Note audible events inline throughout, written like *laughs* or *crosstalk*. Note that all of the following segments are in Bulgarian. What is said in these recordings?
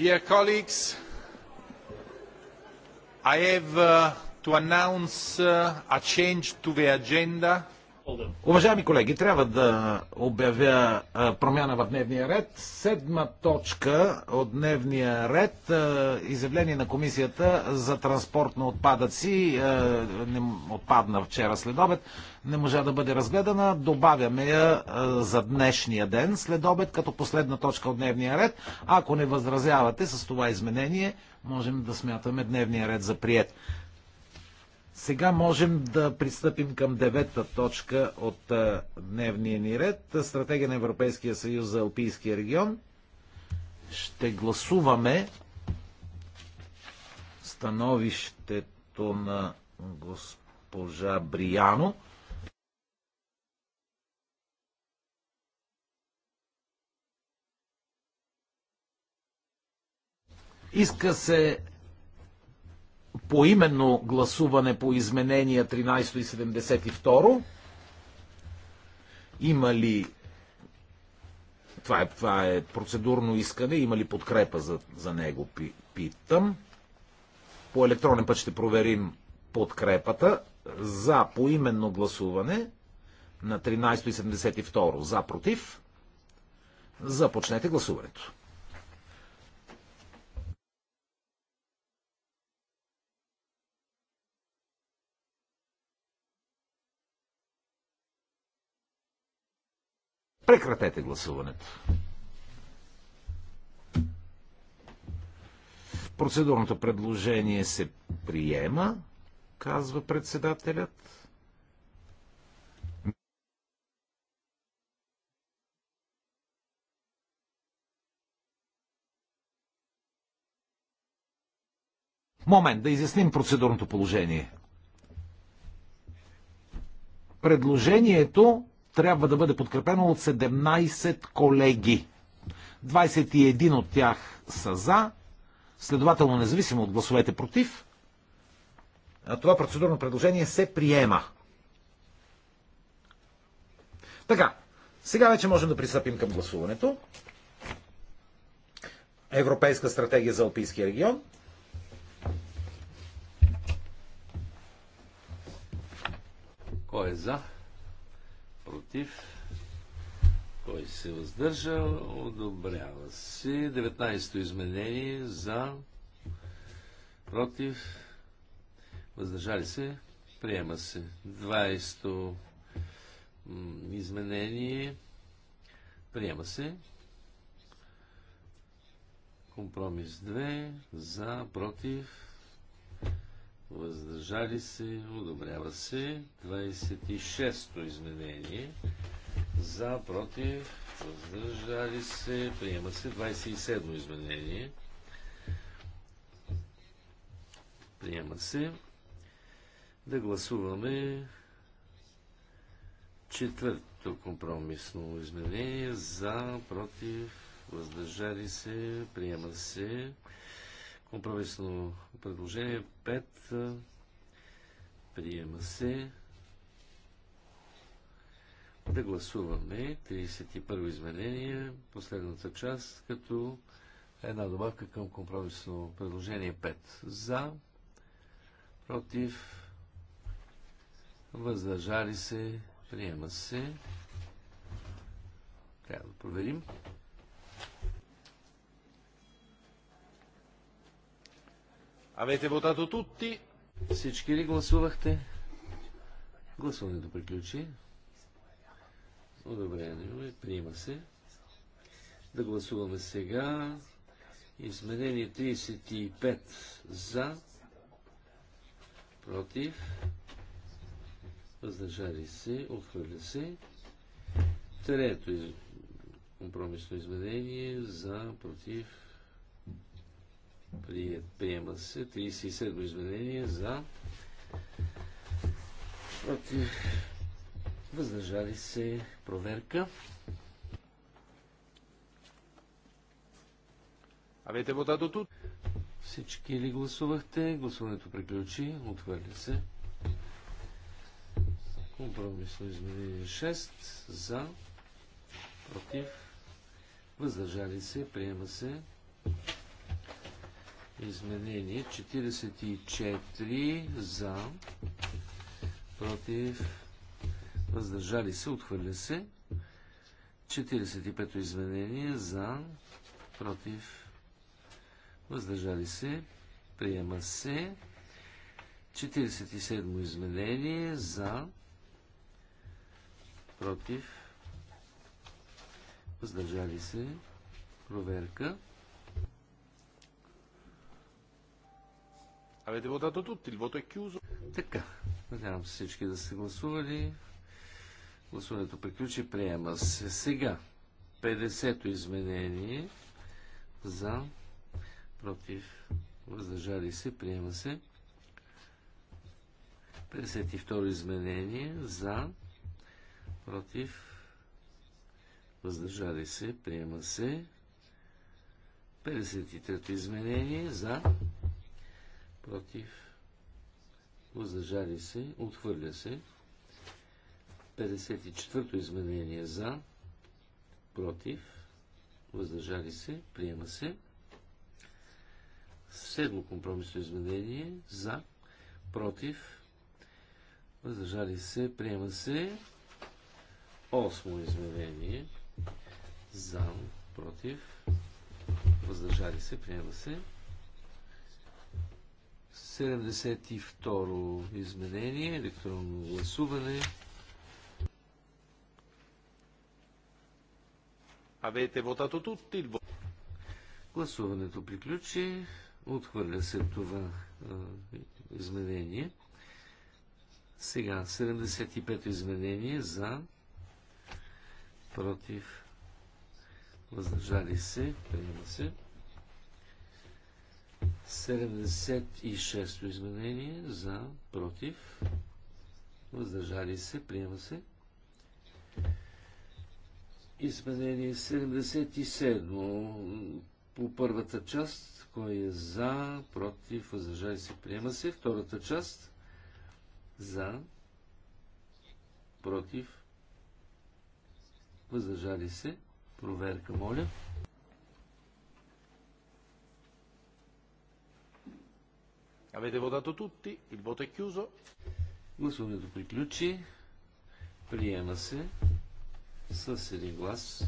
Dear colleagues, I have to announce a change to the agenda. Уважаеми колеги, трябва да обявя промяна в дневния ред. Седма точка от дневния ред изявление на комисията за транспорт на отпадъци не отпадна вчера след обед. Не можа да бъде разгледана. Добавяме я за днешния ден след обед като последна точка от дневния ред. Ако не възразявате с това изменение, можем да смятаме дневния ред за прият. Сега можем да пристъпим към девета точка от дневния ни ред. Стратегия на Европейския съюз за Алпийския регион. Ще гласуваме становището на госпожа Брияно. Иска се поименно гласуване по изменения 13 и 72. Има ли това е, това е процедурно искане, има ли подкрепа за, за него, питам. По електронен път ще проверим подкрепата за поименно гласуване на 13.72. За против. Започнете гласуването. Прекратете гласуването. Процедурното предложение се приема, казва председателят. Момент, да изясним процедурното положение. Предложението трябва да бъде подкрепено от 17 колеги. 21 от тях са за, следователно независимо от гласовете против, това процедурно предложение се приема. Така, сега вече можем да пристъпим към гласуването. Европейска стратегия за Алпийския регион. Кой е за? против, кой се въздържа, одобрява се. 19-то изменение за, против, въздържали се, приема се. 20-то изменение, приема се. Компромис 2, за, против, въздържали се, одобрява се. 26-то изменение за, против, въздържали се, приема се. 27-то изменение приема се. Да гласуваме четвърто компромисно изменение за, против, въздържали се, приема се. Компромисно предложение 5. Приема се. Да гласуваме 31 изменение, последната част, като една добавка към компромисно предложение 5. За, против, въздържали се, приема се. Трябва да проверим. Avete votato tutti? Всички ли гласувахте? Гласуването приключи. Одобрено е, приема се. Да гласуваме сега. Изменение 35 за, против, въздържали се, отхвърля се. Трето компромисно изменение за, против, Приема се 37 изменение за против въздържали се проверка. Авете водата тут. Всички ли гласувахте? Гласуването приключи. Отхвърля се. Компромисно изменение 6 за против въздържали се. Приема се. Изменение 44 за, против, въздържали се, отхвърля се. 45-то изменение за, против, въздържали се, приема се. 47 то изменение за, против, въздържали се, проверка. Avete votato tutti, il voto è chiuso. Така, надявам се всички да сте гласували. Гласуването приключи, приема се. Сега, 50-то изменение за, против, въздържали се, приема се. 52 изменение за, против, въздържали се, приема се. 53 изменение за, против, въздържали се, отхвърля се. 54-то изменение за, против, въздържали се, приема се. Седмо компромисно изменение за, против, въздържали се, приема се. Осмо изменение за, против, въздържали се, приема се. 72 изменение, електронно гласуване. Авете вотато тут, il Гласуването приключи. Отхвърля се това а, изменение. Сега 75 изменение за против въздържали се, приема се. 76-то изменение за против. Въздържали се. Приема се. Изменение 77 по първата част, кой е за, против, въздържали се, приема се. Втората част за, против, въздържали се. Проверка, моля. Avete votato tutti? Il voto è chiuso. Гласуването приключи. Приема се с един глас.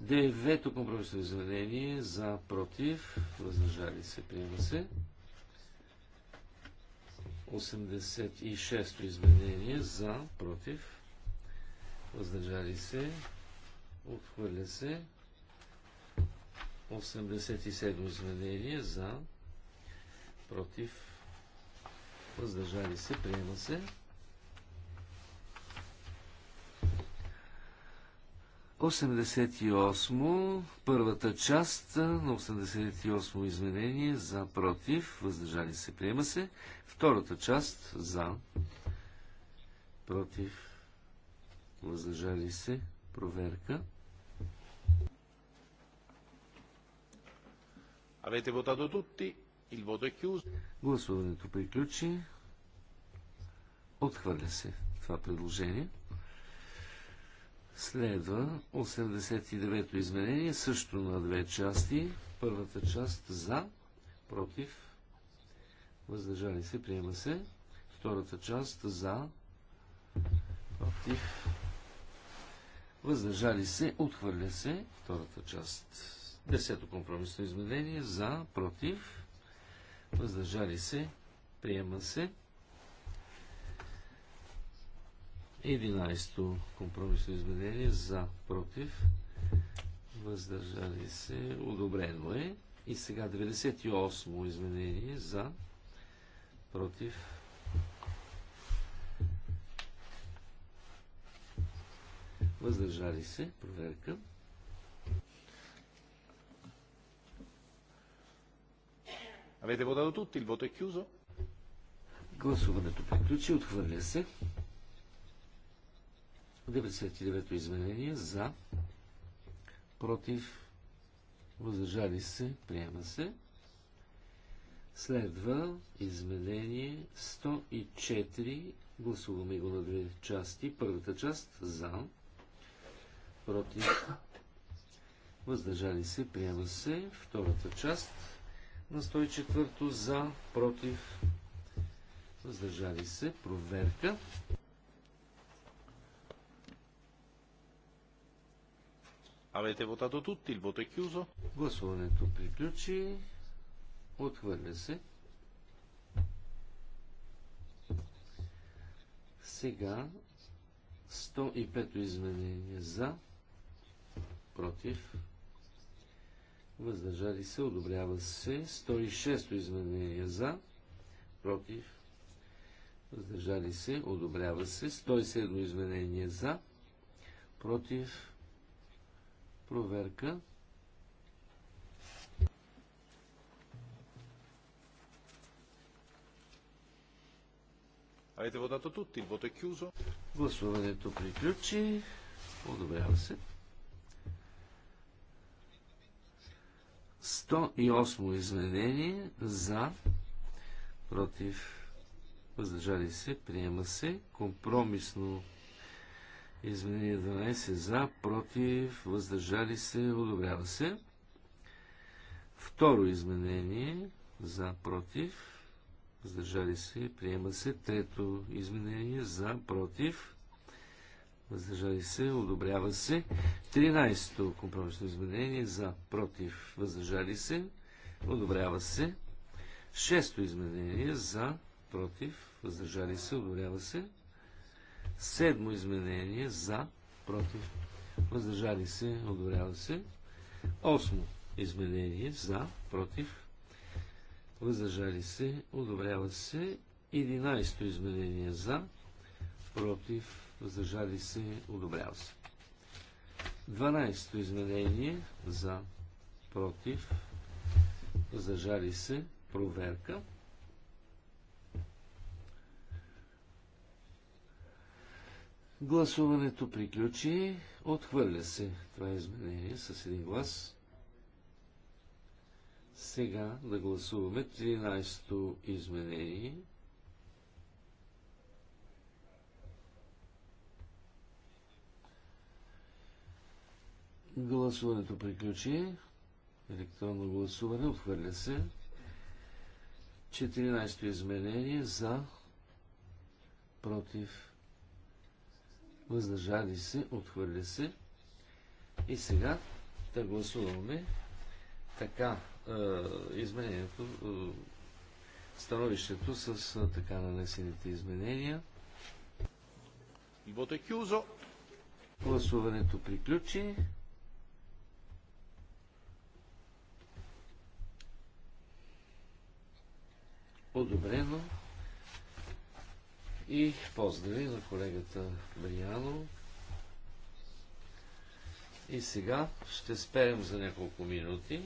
Девето компромисно изменение за против. Въздържали се. Приема се. 86-то изменение за против. Въздържали се. Отхвърля се. 87-то изменение за против против, въздържали се, приема се. 88, първата част на 88 изменение за против, въздържали се, приема се. Втората част за против, въздържали се, проверка. Avete votato tutti? Гласуването приключи. Отхвърля се това предложение. Следва 89-то изменение, също на две части. Първата част за, против, въздържали се, приема се. Втората част за, против, въздържали се, отхвърля се. Втората част. Десето компромисно изменение за, против, въздържали се, приема се. 11-то компромисно изменение за, против, въздържали се, одобрено е. И сега 98 мо изменение за, против, въздържали се, проверка. Avete votato tutti? Il voto è chiuso? Гласуването приключи, отхвърля се. 99-то изменение за, против, въздържали се, приема се. Следва изменение 104. Гласуваме го на две части. Първата част за, против, въздържали се, приема се. Втората част на 104 за, против, въздържали се, проверка. Авете вотато тут, il voto е кюзо? Гласуването приключи. Отхвърля се. Сега 105 изменение за, против, въздържали се, одобрява се. 106-то изменение за, против, въздържали се, одобрява се. 107-то изменение за, против, проверка. Айде, водата тут, il voto è Гласуването приключи. Одобрява се. 108 изменение за, против, въздържали се, приема се. Компромисно изменение 12 за, против, въздържали се, одобрява се. Второ изменение за, против, въздържали се, приема се. Трето изменение за, против, въздържали се, одобрява се. 13-то компромисно изменение за, против, въздържали се, одобрява се. 6-то изменение за, против, въздържали се, одобрява се. 7-то изменение за, против, въздържали се, одобрява се. 8-то изменение за, против, въздържали се, одобрява се. 11-то изменение за, против, въздържали се, одобрява се. 12 то изменение за против, въздържали се, проверка. Гласуването приключи. Отхвърля се това изменение с един глас. Сега да гласуваме 13-то изменение. Гласуването приключи. Електронно гласуване. Отхвърля се. 14-то изменение за против въздържали се, отхвърля се. И сега да гласуваме така е, изменението, е, становището с е, така нанесените изменения. Е Гласуването приключи. подобрено. И поздрави на колегата Бриано. И сега ще спеем за няколко минути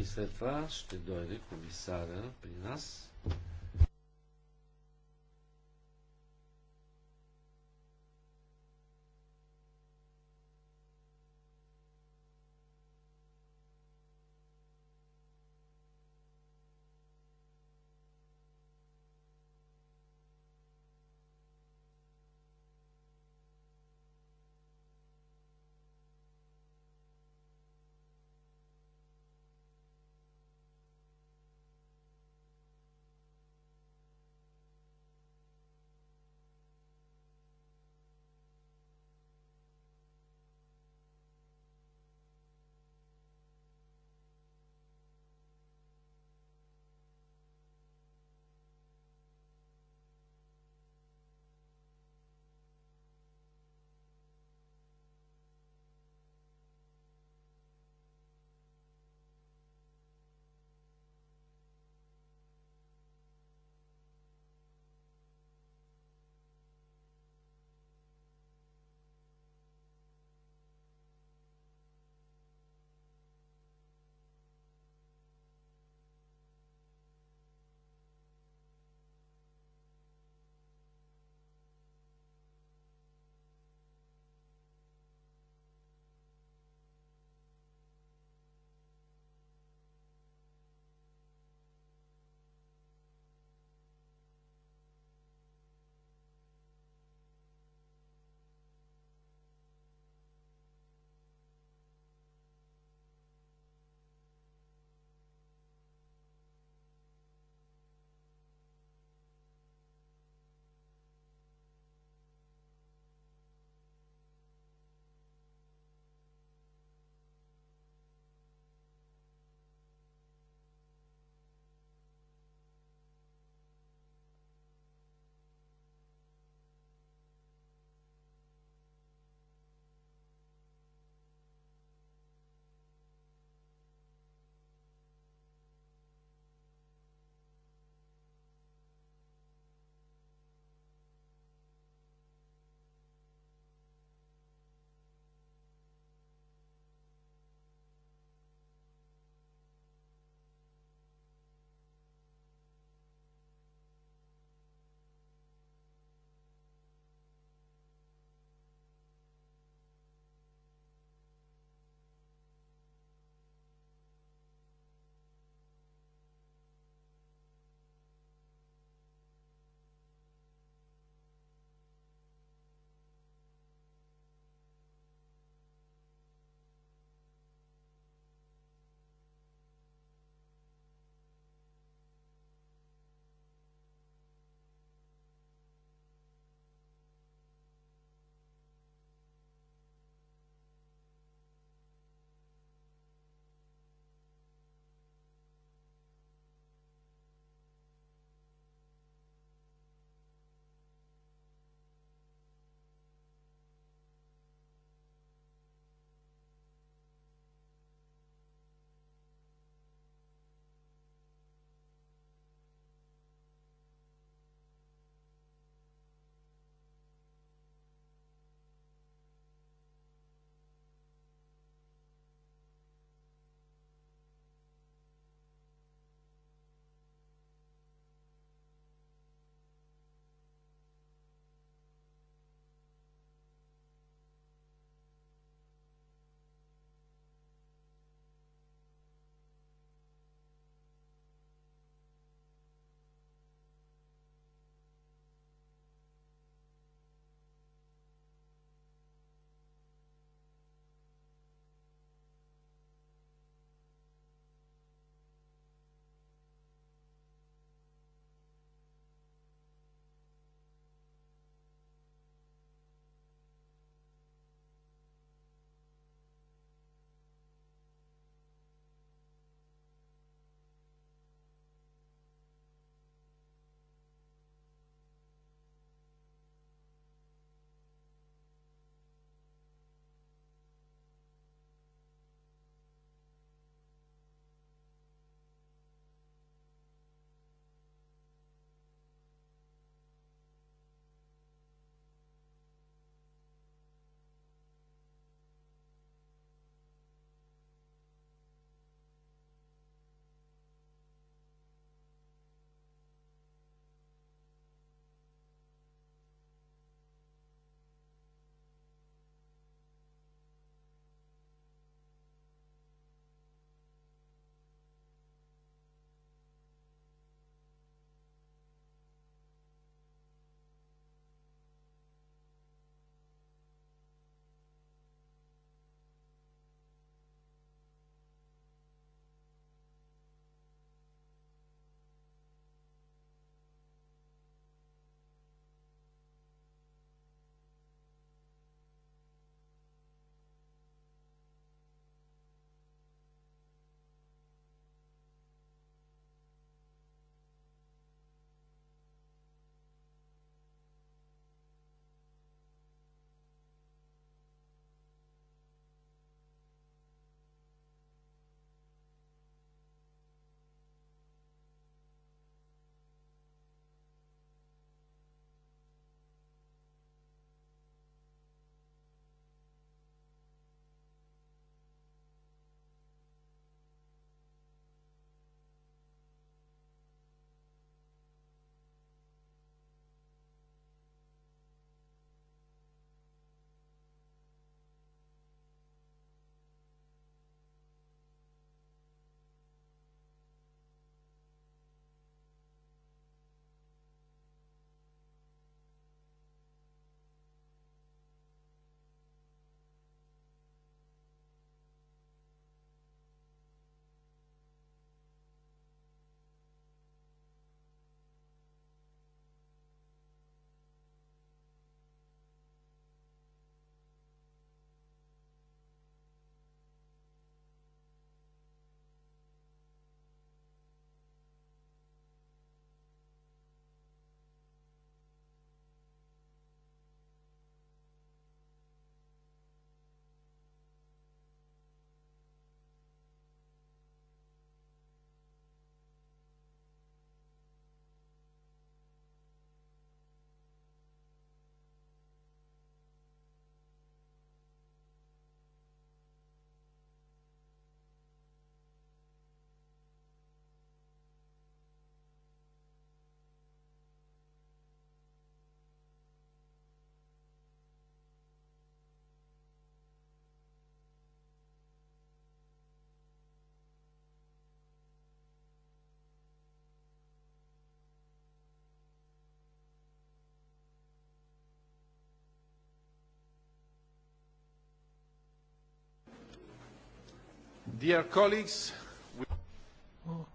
и след това ще дойде комисара при нас.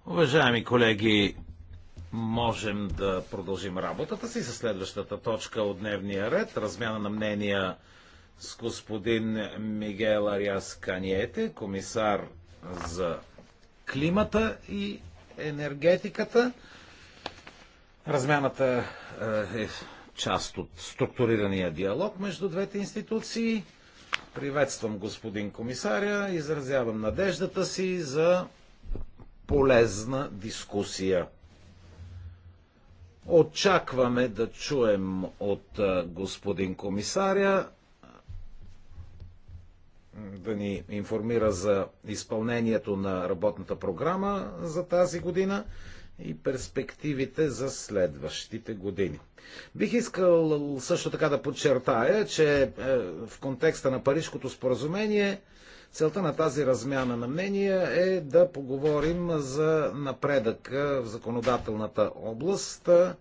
Уважаеми колеги, можем да продължим работата си с следващата точка от дневния ред. Размяна на мнения с господин Мигел Ариас Каниете, комисар за климата и енергетиката. Размяната е, е част от структурирания диалог между двете институции. Приветствам господин комисаря, изразявам надеждата си за полезна дискусия. Очакваме да чуем от господин комисаря да ни информира за изпълнението на работната програма за тази година и перспективите за следващите години. Бих искал също така да подчертая, че е, в контекста на Парижското споразумение целта на тази размяна на мнения е да поговорим за напредък в законодателната област, е,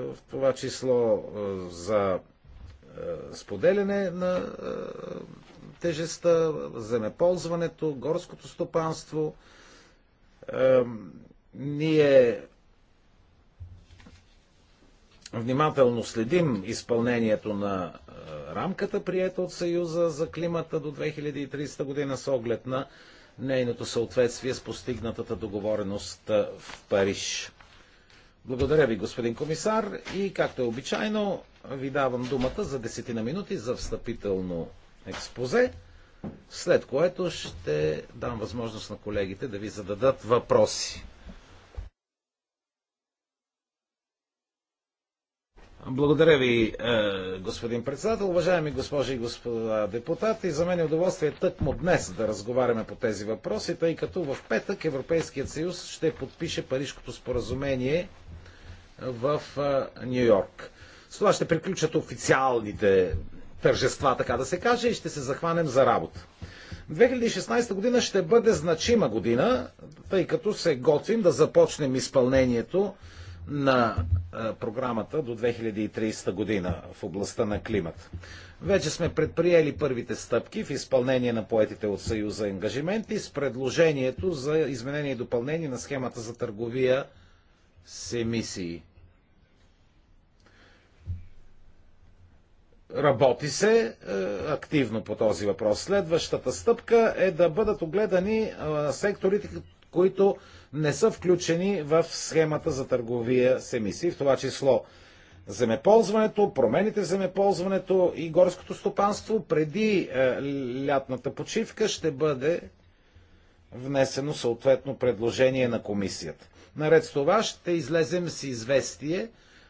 в това число е, за споделяне на за земеползването, горското стопанство, ние внимателно следим изпълнението на е, рамката, приета от Съюза за климата до 2030 година с оглед на нейното съответствие с постигнатата договореност е, в Париж. Благодаря ви, господин комисар, и както е обичайно, ви давам думата за десетина минути за встъпително експозе, след което ще дам възможност на колегите да ви зададат въпроси. Благодаря ви, е, господин председател. Уважаеми госпожи и господа депутати, за мен е удоволствие тъкмо днес да разговаряме по тези въпроси, тъй като в петък Европейският съюз ще подпише Парижкото споразумение в е, Нью Йорк. С това ще приключат официалните тържества, така да се каже, и ще се захванем за работа. 2016 година ще бъде значима година, тъй като се готвим да започнем изпълнението на е, програмата до 2030 година в областта на климат. Вече сме предприели първите стъпки в изпълнение на поетите от Съюза ангажименти с предложението за изменение и допълнение на схемата за търговия с емисии. Работи се е, активно по този въпрос. Следващата стъпка е да бъдат огледани е, секторите, които не са включени в схемата за търговия с емисии, в това число земеползването, промените в земеползването и горското стопанство преди е, лятната почивка ще бъде внесено съответно предложение на комисията. Наред с това ще излезем с известие,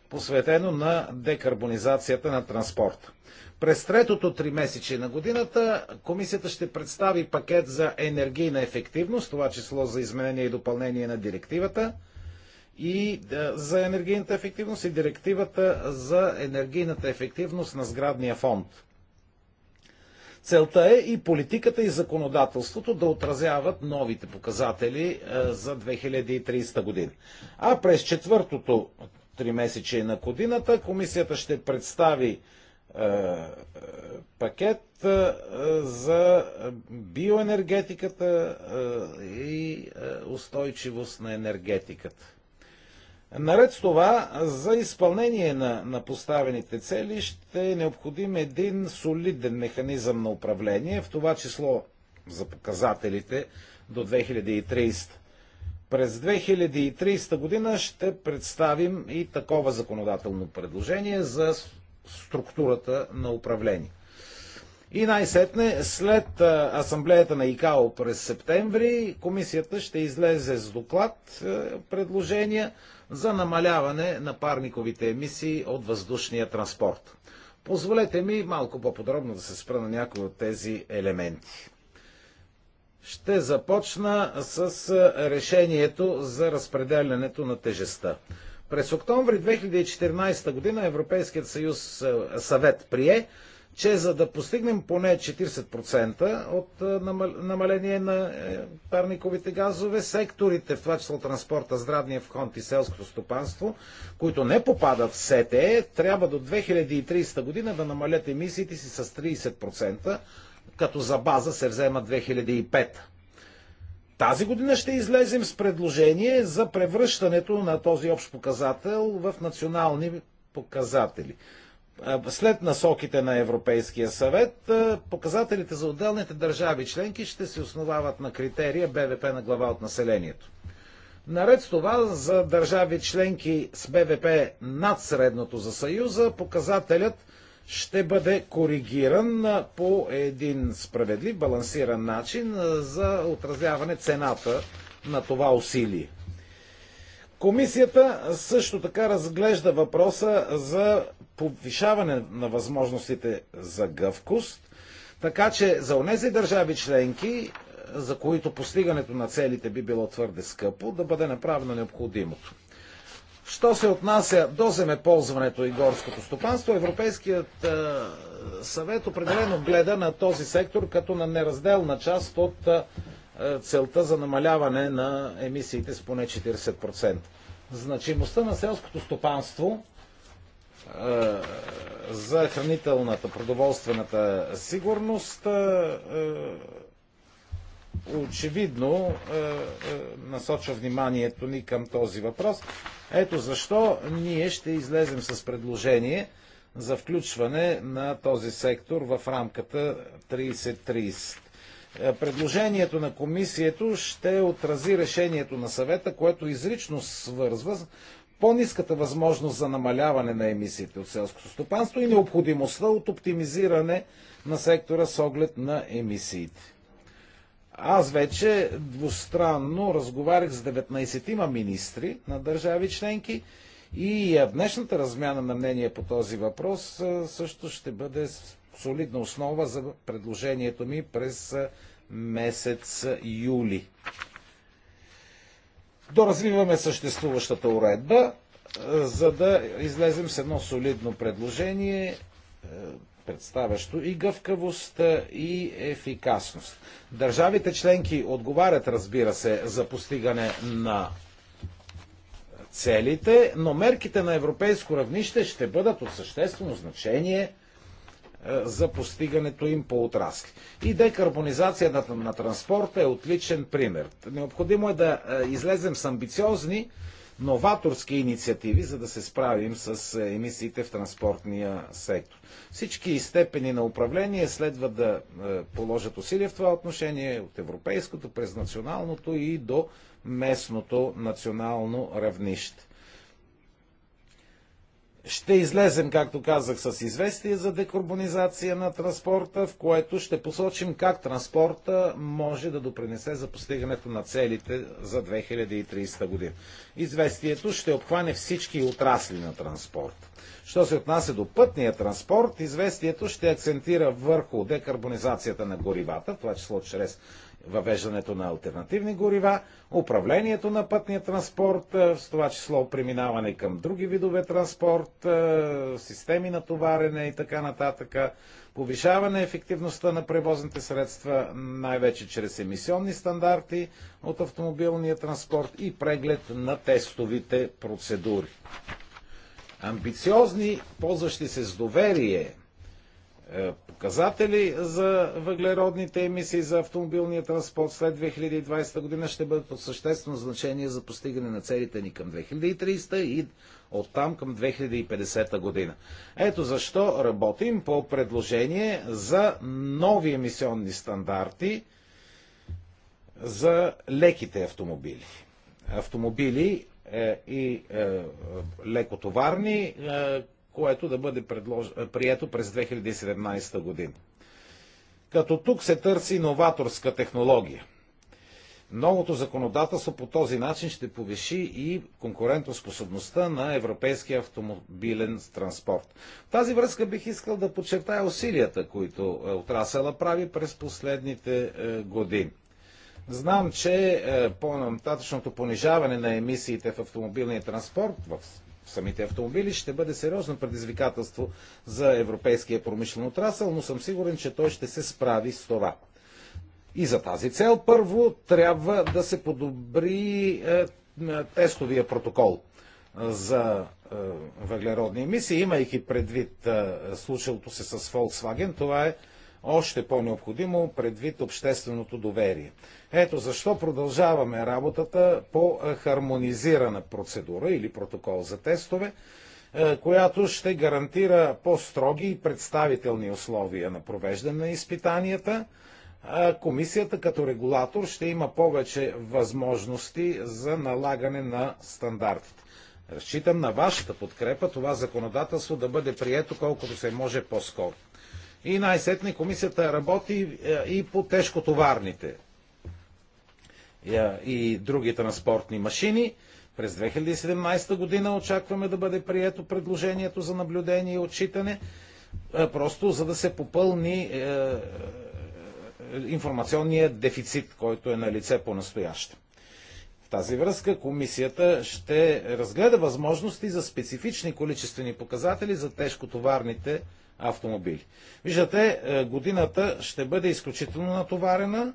посветено на декарбонизацията на транспорта. През третото три месече на годината комисията ще представи пакет за енергийна ефективност, това число за изменение и допълнение на директивата и за енергийната ефективност и директивата за енергийната ефективност на сградния фонд. Целта е и политиката и законодателството да отразяват новите показатели е, за 2030 година. А през четвъртото три месече на годината комисията ще представи е, пакет е, за биоенергетиката е, и устойчивост на енергетиката. Наред с това, за изпълнение на, на поставените цели ще е необходим един солиден механизъм на управление, в това число за показателите до 2030. През 2030 година ще представим и такова законодателно предложение за структурата на управление. И най-сетне, след асамблеята на ИКАО през септември, комисията ще излезе с доклад предложения за намаляване на парниковите емисии от въздушния транспорт. Позволете ми малко по-подробно да се спра на някои от тези елементи. Ще започна с решението за разпределянето на тежестта. През октомври 2014 година Европейският съюз е, съвет прие, че за да постигнем поне 40% от е, намаление на е, парниковите газове, секторите, в това число транспорта, здравния вход и селското стопанство, които не попадат в СТЕ, трябва до 2030 година да намалят емисиите си с 30%, като за база се взема 2005. Тази година ще излезем с предложение за превръщането на този общ показател в национални показатели. След насоките на Европейския съвет, показателите за отделните държави членки ще се основават на критерия БВП на глава от населението. Наред с това, за държави членки с БВП над средното за Съюза, показателят ще бъде коригиран по един справедлив, балансиран начин за отразяване цената на това усилие. Комисията също така разглежда въпроса за повишаване на възможностите за гъвкост, така че за онези държави членки, за които постигането на целите би било твърде скъпо, да бъде направено необходимото. Що се отнася до земеползването и горското стопанство, Европейският е, съвет определено гледа на този сектор като на неразделна част от е, целта за намаляване на емисиите с поне 40%. Значимостта на селското стопанство е, за хранителната, продоволствената сигурност очевидно е, е, насочва вниманието ни към този въпрос. Ето защо ние ще излезем с предложение за включване на този сектор в рамката 30-30. Е, предложението на комисието ще отрази решението на съвета, което изрично свързва по-низката възможност за намаляване на емисиите от селското стопанство и необходимостта от оптимизиране на сектора с оглед на емисиите. Аз вече двустранно разговарях с 19-ма министри на държави членки и днешната размяна на мнение по този въпрос също ще бъде солидна основа за предложението ми през месец юли. Доразвиваме съществуващата уредба, за да излезем с едно солидно предложение представящо и гъвкавост, и ефикасност. Държавите членки отговарят, разбира се, за постигане на целите, но мерките на европейско равнище ще бъдат от съществено значение за постигането им по отрасли. И декарбонизацията на транспорта е отличен пример. Необходимо е да излезем с амбициозни новаторски инициативи, за да се справим с е, емисиите в транспортния сектор. Всички степени на управление следва да е, положат усилия в това отношение от европейското през националното и до местното национално равнище. Ще излезем, както казах, с известие за декарбонизация на транспорта, в което ще посочим как транспорта може да допринесе за постигането на целите за 2030 година. Известието ще обхване всички отрасли на транспорт. Що се отнася до пътния транспорт, известието ще акцентира върху декарбонизацията на горивата, в това число чрез въвеждането на альтернативни горива, управлението на пътния транспорт, в е, това число преминаване към други видове транспорт, е, системи на товарене и така нататък, повишаване ефективността на превозните средства, най-вече чрез емисионни стандарти от автомобилния транспорт и преглед на тестовите процедури. Амбициозни, ползващи се с доверие е, показатели за въглеродните емисии за автомобилния транспорт след 2020 година ще бъдат от съществено значение за постигане на целите ни към 2300 и оттам към 2050 година. Ето защо работим по предложение за нови емисионни стандарти за леките автомобили. Автомобили е, и е, лекотоварни, което да бъде предлож... прието през 2017 година. Като тук се търси новаторска технология. Новото законодателство по този начин ще повиши и конкурентоспособността на европейския автомобилен транспорт. В тази връзка бих искал да подчертая усилията, които е, отрасъла прави през последните е, години. Знам, че е, по-нататъчното понижаване на емисиите в автомобилния транспорт в самите автомобили ще бъде сериозно предизвикателство за европейския промишлен отрасъл, но съм сигурен, че той ще се справи с това. И за тази цел първо трябва да се подобри е, е тестовия протокол е, за е, въглеродни емисии, имайки предвид е, случилото се с Volkswagen. Това е още по-необходимо предвид общественото доверие. Ето защо продължаваме работата по хармонизирана процедура или протокол за тестове, която ще гарантира по-строги и представителни условия на провеждане на изпитанията. Комисията като регулатор ще има повече възможности за налагане на стандартите. Разчитам на вашата подкрепа това законодателство да бъде прието колкото се може по-скоро. И най-сетне комисията работи е, и по тежкотоварните е, и други транспортни машини. През 2017 година очакваме да бъде прието предложението за наблюдение и отчитане, е, просто за да се попълни информационния дефицит, който е на лице по-настояще. В тази връзка комисията ще разгледа възможности за специфични количествени показатели за тежкотоварните автомобили. Виждате, е, годината ще бъде изключително натоварена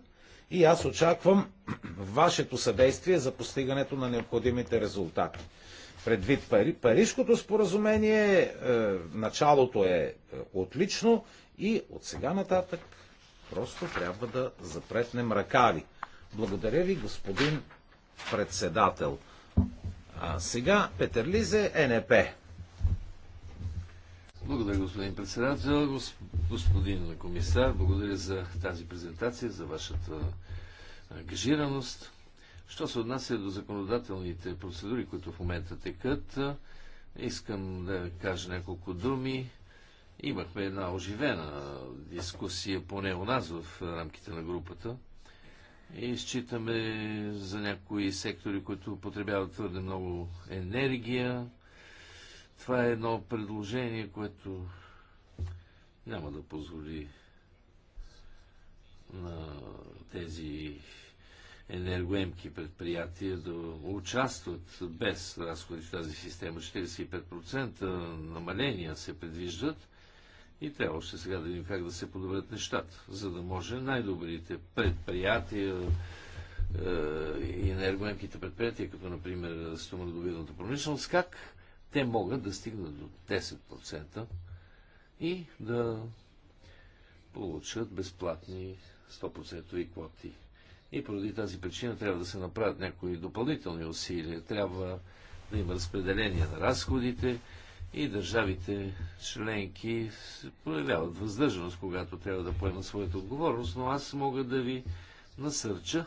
и аз очаквам *clears throat* вашето съдействие за постигането на необходимите резултати. Предвид Пари, Парижкото споразумение, е, началото е, е отлично и от сега нататък просто трябва да запретнем ръкави. Благодаря ви, господин председател. А сега Петерлизе, НП. Благодаря, господин председател. Господин комисар, благодаря за тази презентация, за вашата ангажираност. Що се отнася до законодателните процедури, които в момента текат, искам да кажа няколко думи. Имахме една оживена дискусия, поне у нас в рамките на групата. И считаме за някои сектори, които потребяват твърде много енергия, това е едно предложение, което няма да позволи на тези енергоемки предприятия да участват без разходи в тази система. 45% намаления се предвиждат и трябва още сега да видим как да се подобрят нещата, за да може най-добрите предприятия е, и енергоемките предприятия, като например стоманодобивната промишленост, как те могат да стигнат до 10% и да получат безплатни 100% квоти. И поради тази причина трябва да се направят някои допълнителни усилия. Трябва да има разпределение на разходите и държавите членки проявяват въздържаност, когато трябва да поемат своята отговорност, но аз мога да ви насърча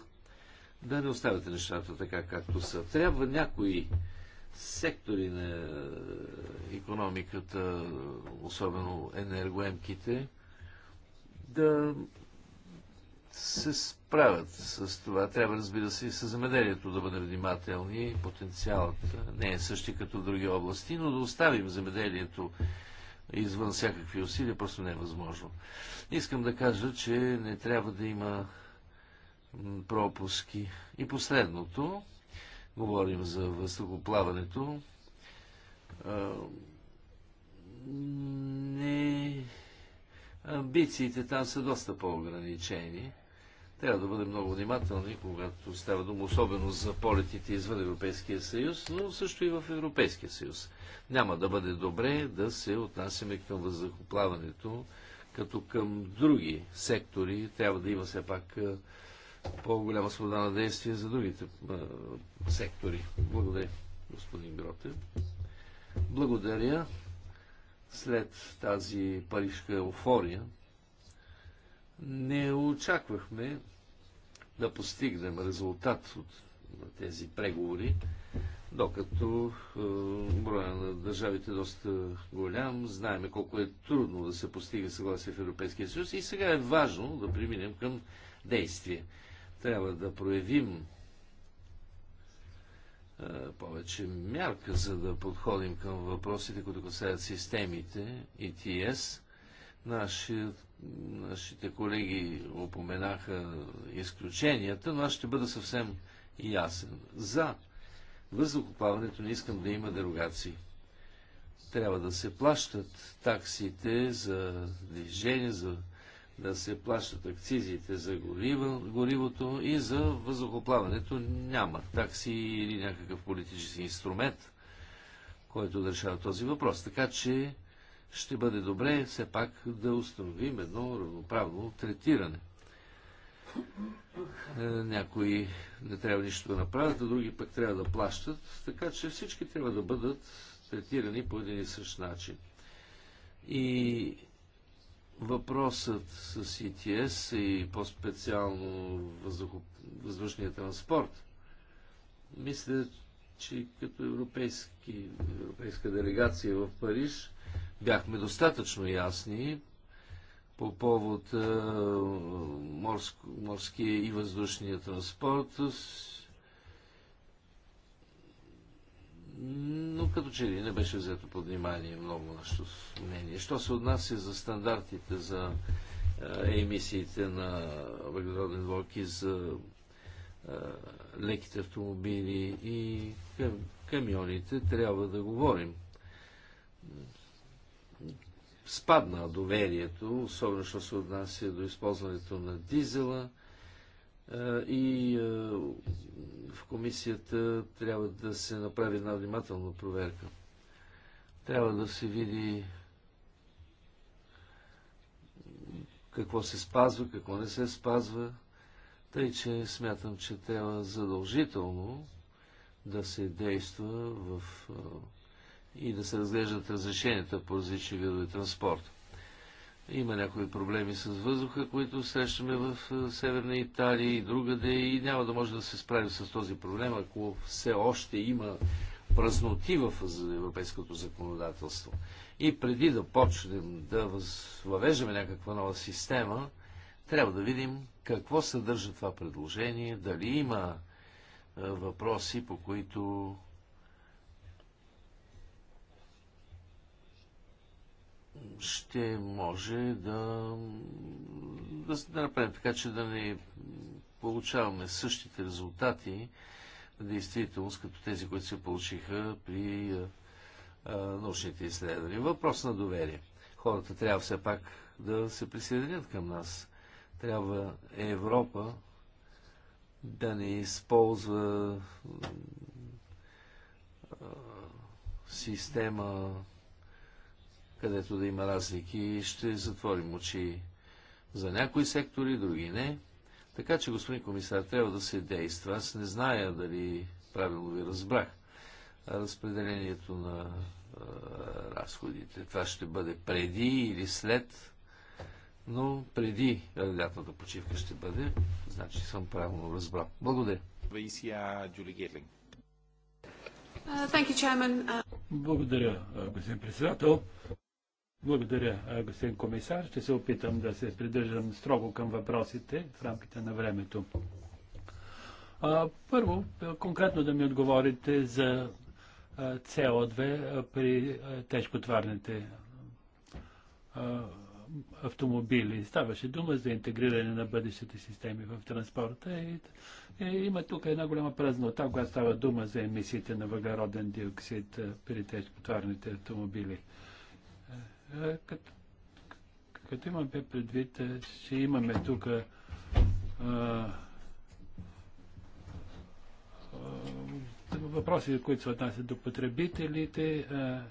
да не оставяте нещата така, както са. Трябва някои сектори на економиката, особено енергоемките, да се справят с това. Трябва, разбира се, и с земеделието да бъдем внимателни. Потенциалът не е същи като в други области, но да оставим земеделието извън всякакви усилия просто не е възможно. Искам да кажа, че не трябва да има пропуски. И последното, говорим за въздухоплаването, не... амбициите там са доста по-ограничени. Трябва да бъдем много внимателни, когато става дума особено за полетите извън Европейския съюз, но също и в Европейския съюз. Няма да бъде добре да се отнасяме към въздухоплаването, като към други сектори трябва да има все пак по-голяма свобода на действие за другите а, сектори. Благодаря, господин Гроте. Благодаря. След тази парижка еуфория не очаквахме да постигнем резултат от на тези преговори, докато е, броя на държавите е доста голям, знаеме колко е трудно да се постига съгласие в Европейския съюз и сега е важно да преминем към действие. Трябва да проявим повече мярка, за да подходим към въпросите, които касаят системите, ETS. Наши, нашите колеги упоменаха изключенията, но аз ще бъда съвсем ясен. За въздухоплаването не искам да има дерогации. Трябва да се плащат таксите за движение, за да се плащат акцизите за гориво, горивото и за въздухоплаването няма такси или някакъв политически инструмент, който да решава този въпрос. Така че ще бъде добре все пак да установим едно равноправно третиране. Е, някои не трябва нищо да направят, а други пък трябва да плащат, така че всички трябва да бъдат третирани по един и същ начин. И Въпросът с ИТС и по-специално въздушния транспорт, мисля, че като европейски, европейска делегация в Париж бяхме достатъчно ясни по повод морск, морския и въздушния транспорт. но като че ли не беше взето под внимание много нашето мнение. Що се отнася за стандартите за емисиите на въглероден локи за леките автомобили и камионите, трябва да говорим. Спадна доверието, особено що се отнася до използването на дизела – е, и е, в комисията трябва да се направи една внимателна проверка. Трябва да се види какво се спазва, какво не се спазва. Тъй, че смятам, че трябва задължително да се действа в, е, и да се разглеждат разрешенията по различни видове транспорт. Има някои проблеми с въздуха, които срещаме в е, Северна Италия и другаде и няма да може да се справим с този проблем, ако все още има празноти в европейското законодателство. И преди да почнем да въвеждаме някаква нова система, трябва да видим какво съдържа това предложение, дали има е, въпроси, по които ще може да, да, да направим така, че да не получаваме същите резултати, действителност, като тези, които се получиха при а, научните изследвания. Въпрос на доверие. Хората трябва все пак да се присъединят към нас. Трябва Европа да не използва а, система където да има разлики, ще затворим очи за някои сектори, други не. Така че, господин комисар, трябва да се действа. Аз не зная дали правилно ви разбрах разпределението на а, разходите. Това ще бъде преди или след, но преди лятната почивка ще бъде. Значи съм правилно разбрал. Благодаря. Uh, uh, Благодаря, господин председател. Благодаря, господин комисар. Ще се опитам да се придържам строго към въпросите в рамките на времето. А, първо, е, конкретно да ми отговорите за CO2 при тежкотварните автомобили. Ставаше дума за интегриране на бъдещите системи в транспорта и, и има тук една голяма празнота, когато става дума за емисиите на въглероден диоксид при тежкотварните автомобили. Като, като имаме предвид, е, че имаме тук е, е, въпроси, които се отнасят до потребителите, а,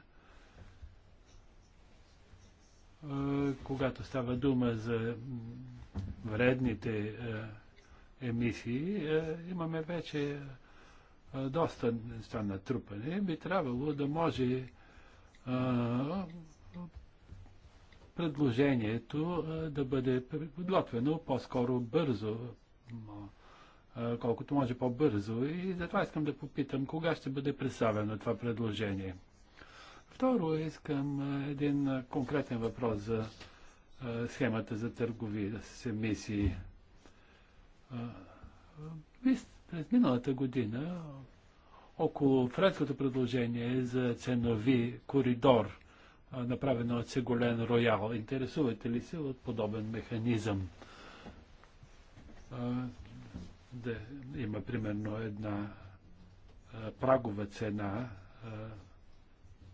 а, когато става дума за вредните а, емисии, имаме вече доста неща натрупане. Би трябвало да може предложението да бъде подготвено по-скоро бързо, колкото може по-бързо. И затова искам да попитам, кога ще бъде представено това предложение. Второ, искам един конкретен въпрос за схемата за търговия с емисии. През миналата година около френското предложение за ценови коридор – направено от Сеголен Роял. Интересувате ли се от подобен механизъм? Да има примерно една прагова цена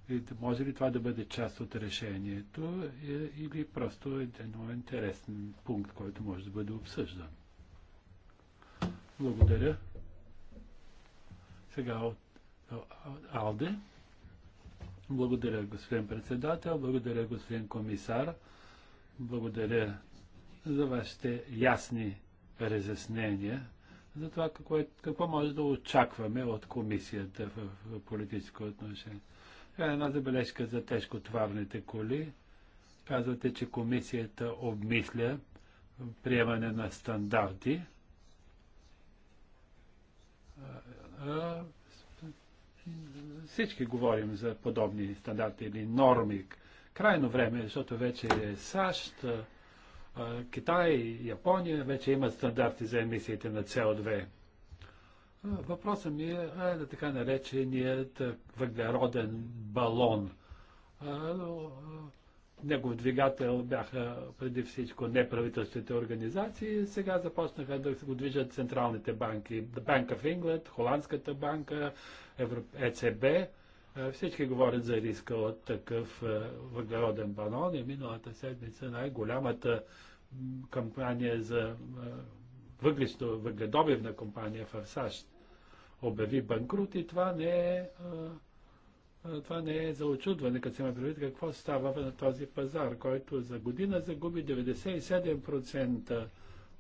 и може ли това да бъде част от решението е, или просто един интересен пункт, който може да бъде обсъждан? Благодаря. Сега от Алде. Благодаря, господин председател, благодаря, господин комисар, благодаря за вашите ясни разяснения за това какво, е, какво може да очакваме от комисията в, в политическо отношение. Е една забележка за тежкотварните коли. Казвате, че комисията обмисля приемане на стандарти всички говорим за подобни стандарти или норми. Крайно време, защото вече е САЩ, Китай, Япония вече имат стандарти за емисиите на CO2. Въпросът ми е на така нареченият въглероден балон. Негов двигател бяха преди всичко неправителствените организации. Сега започнаха да го движат централните банки. The Bank в England, Холандската банка, ЕЦБ, е всички говорят за риска от такъв въглероден банон и миналата седмица най-голямата кампания за въглисто, въгледобивна компания в САЩ обяви банкрут и това не е, това не е за очудване, като се има предвид какво става на този пазар, който за година загуби 97%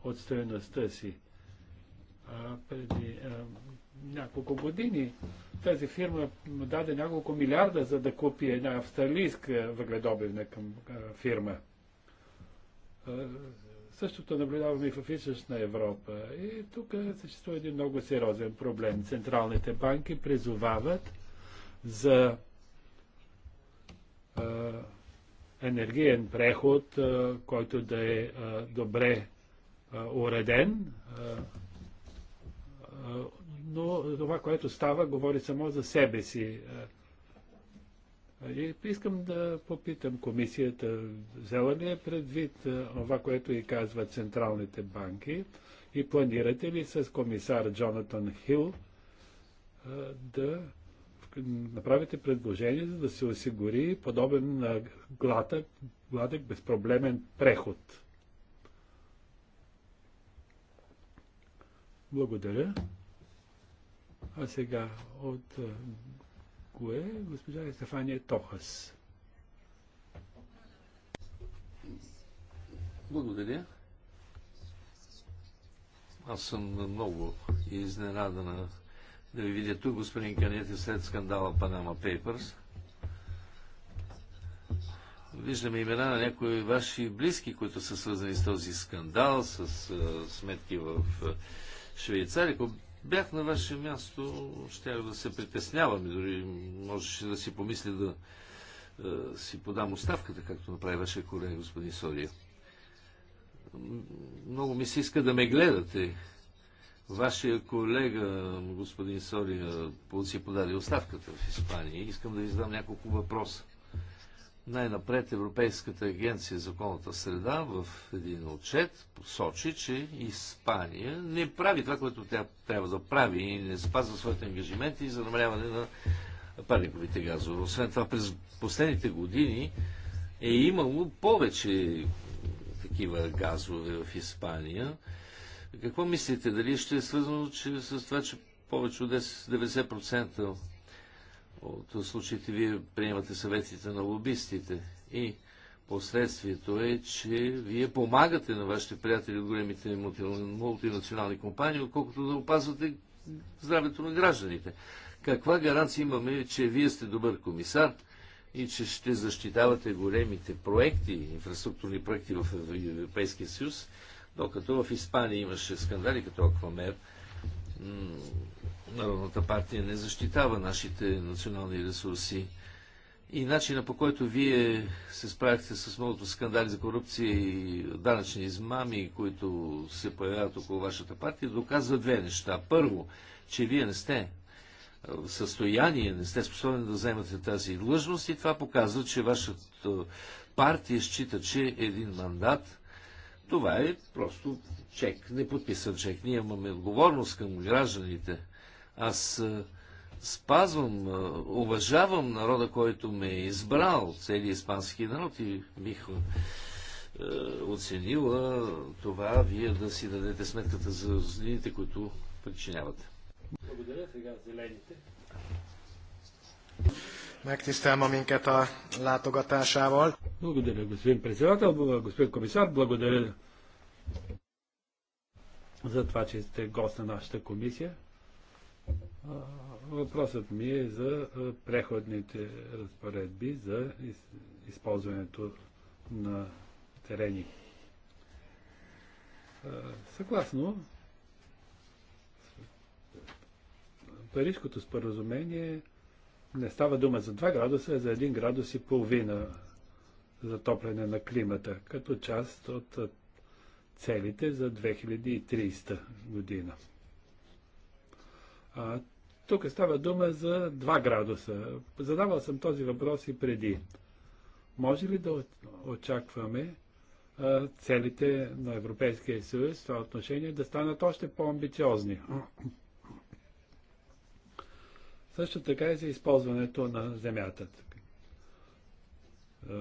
от стоеността си. А, преди няколко години тази фирма му даде няколко милиарда, за да купи една австралийска въгледобивна към, а, фирма. А, същото наблюдаваме и в Източна Европа. И тук съществува един много сериозен проблем. Централните банки призовават за а, енергиен преход, а, който да е а, добре а, уреден. А, но това, което става, говори само за себе си. И искам да попитам комисията, взела ли е предвид това, което и казват централните банки и планирате ли с комисар Джонатан Хил да направите предложение, за да се осигури подобен гладък, гладък безпроблемен преход? Благодаря. А сега от кое госпожа Стефания Тохас. Благодаря. Аз съм много изненадана да ви видя тук, господин Канети, след скандала Panama Papers. Виждаме имена на някои ваши близки, които са свързани с този скандал, с а, сметки в Швейцария бях на ваше място, щях да се притеснявам и дори можеше да си помисля да е, си подам оставката, както направи вашия колега господин Сория. Много ми се иска да ме гледате. Вашия колега, господин Сория, си подаде оставката в Испания. Искам да ви задам няколко въпроса. Най-напред Европейската агенция за околната среда в един отчет посочи, че Испания не прави това, което тя трябва да прави и не спазва своите ангажименти за намаляване на парниковите газове. Освен това, през последните години е имало повече такива газове в Испания. Какво мислите? Дали ще е свързано че, с това, че повече от 10, 90% от случаите вие приемате съветите на лобистите и последствието е, че вие помагате на вашите приятели от големите мултинационални компании, отколкото да опазвате здравето на гражданите. Каква гаранция имаме, че вие сте добър комисар и че ще защитавате големите проекти, инфраструктурни проекти в Европейския съюз, докато в Испания имаше скандали като Аквамер, Народната партия не защитава нашите национални ресурси. И начина по който вие се справихте с многото скандали за корупция и данъчни измами, които се появяват около вашата партия, доказва две неща. Първо, че вие не сте в състояние, не сте способен да вземате тази длъжност и това показва, че вашата партия счита, че един мандат това е просто чек, неподписан чек. Ние имаме отговорност към гражданите. Аз е, спазвам, е, уважавам народа, който ме е избрал, целият испански народ и бих е, оценила това, вие да си дадете сметката за злините, които причинявате. Благодаря сега зелените. Megtisztel minket a látogatásával. Благодаря, господин председател, господин комисар, благодаря за това, че сте гост на нашата комисия. Въпросът ми е за преходните разпоредби за използването на терени. Съгласно Парижското споразумение не става дума за 2 градуса, а за 1 градус и половина затопляне на климата, като част от целите за 2300 година. А, тук става дума за 2 градуса. Задавал съм този въпрос и преди. Може ли да очакваме а, целите на Европейския съюз в това отношение да станат още по-амбициозни? *clears throat* Също така и за използването на земята.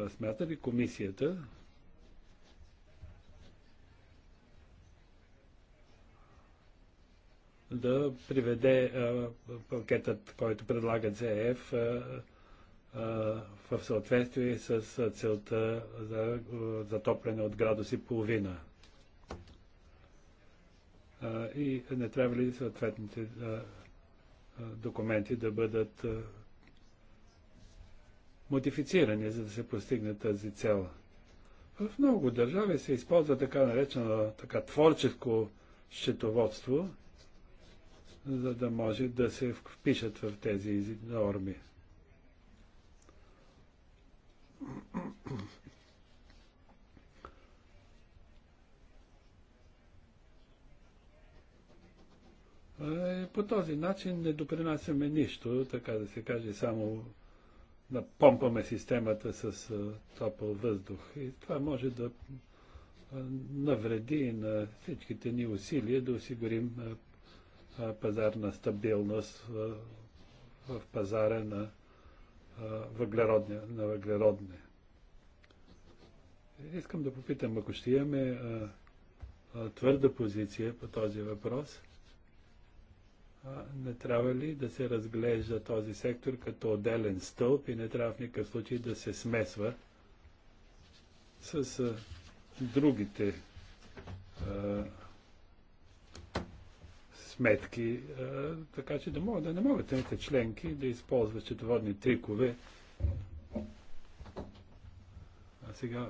Смята ли комисията, да приведе а, пакетът, който предлага ЦЕФ в съответствие с целта за затопляне от градуси и половина. А, и не трябва ли съответните а, документи да бъдат модифицирани, за да се постигне тази цел. В много държави се използва така наречено така творческо счетоводство – за да може да се впишат в тези норми. Е, по този начин не допринасяме нищо, така да се каже, само да помпаме системата с е, топъл въздух. И това може да е, навреди на всичките ни усилия да осигурим пазарна стабилност в пазара на въглеродни. На въглеродни. Искам да попитам, ако ще имаме твърда позиция по този въпрос, не трябва ли да се разглежда този сектор като отделен стълб и не трябва в никакъв случай да се смесва с другите сметки, така че да, могат, да не могат страните членки да използват счетоводни трикове. А сега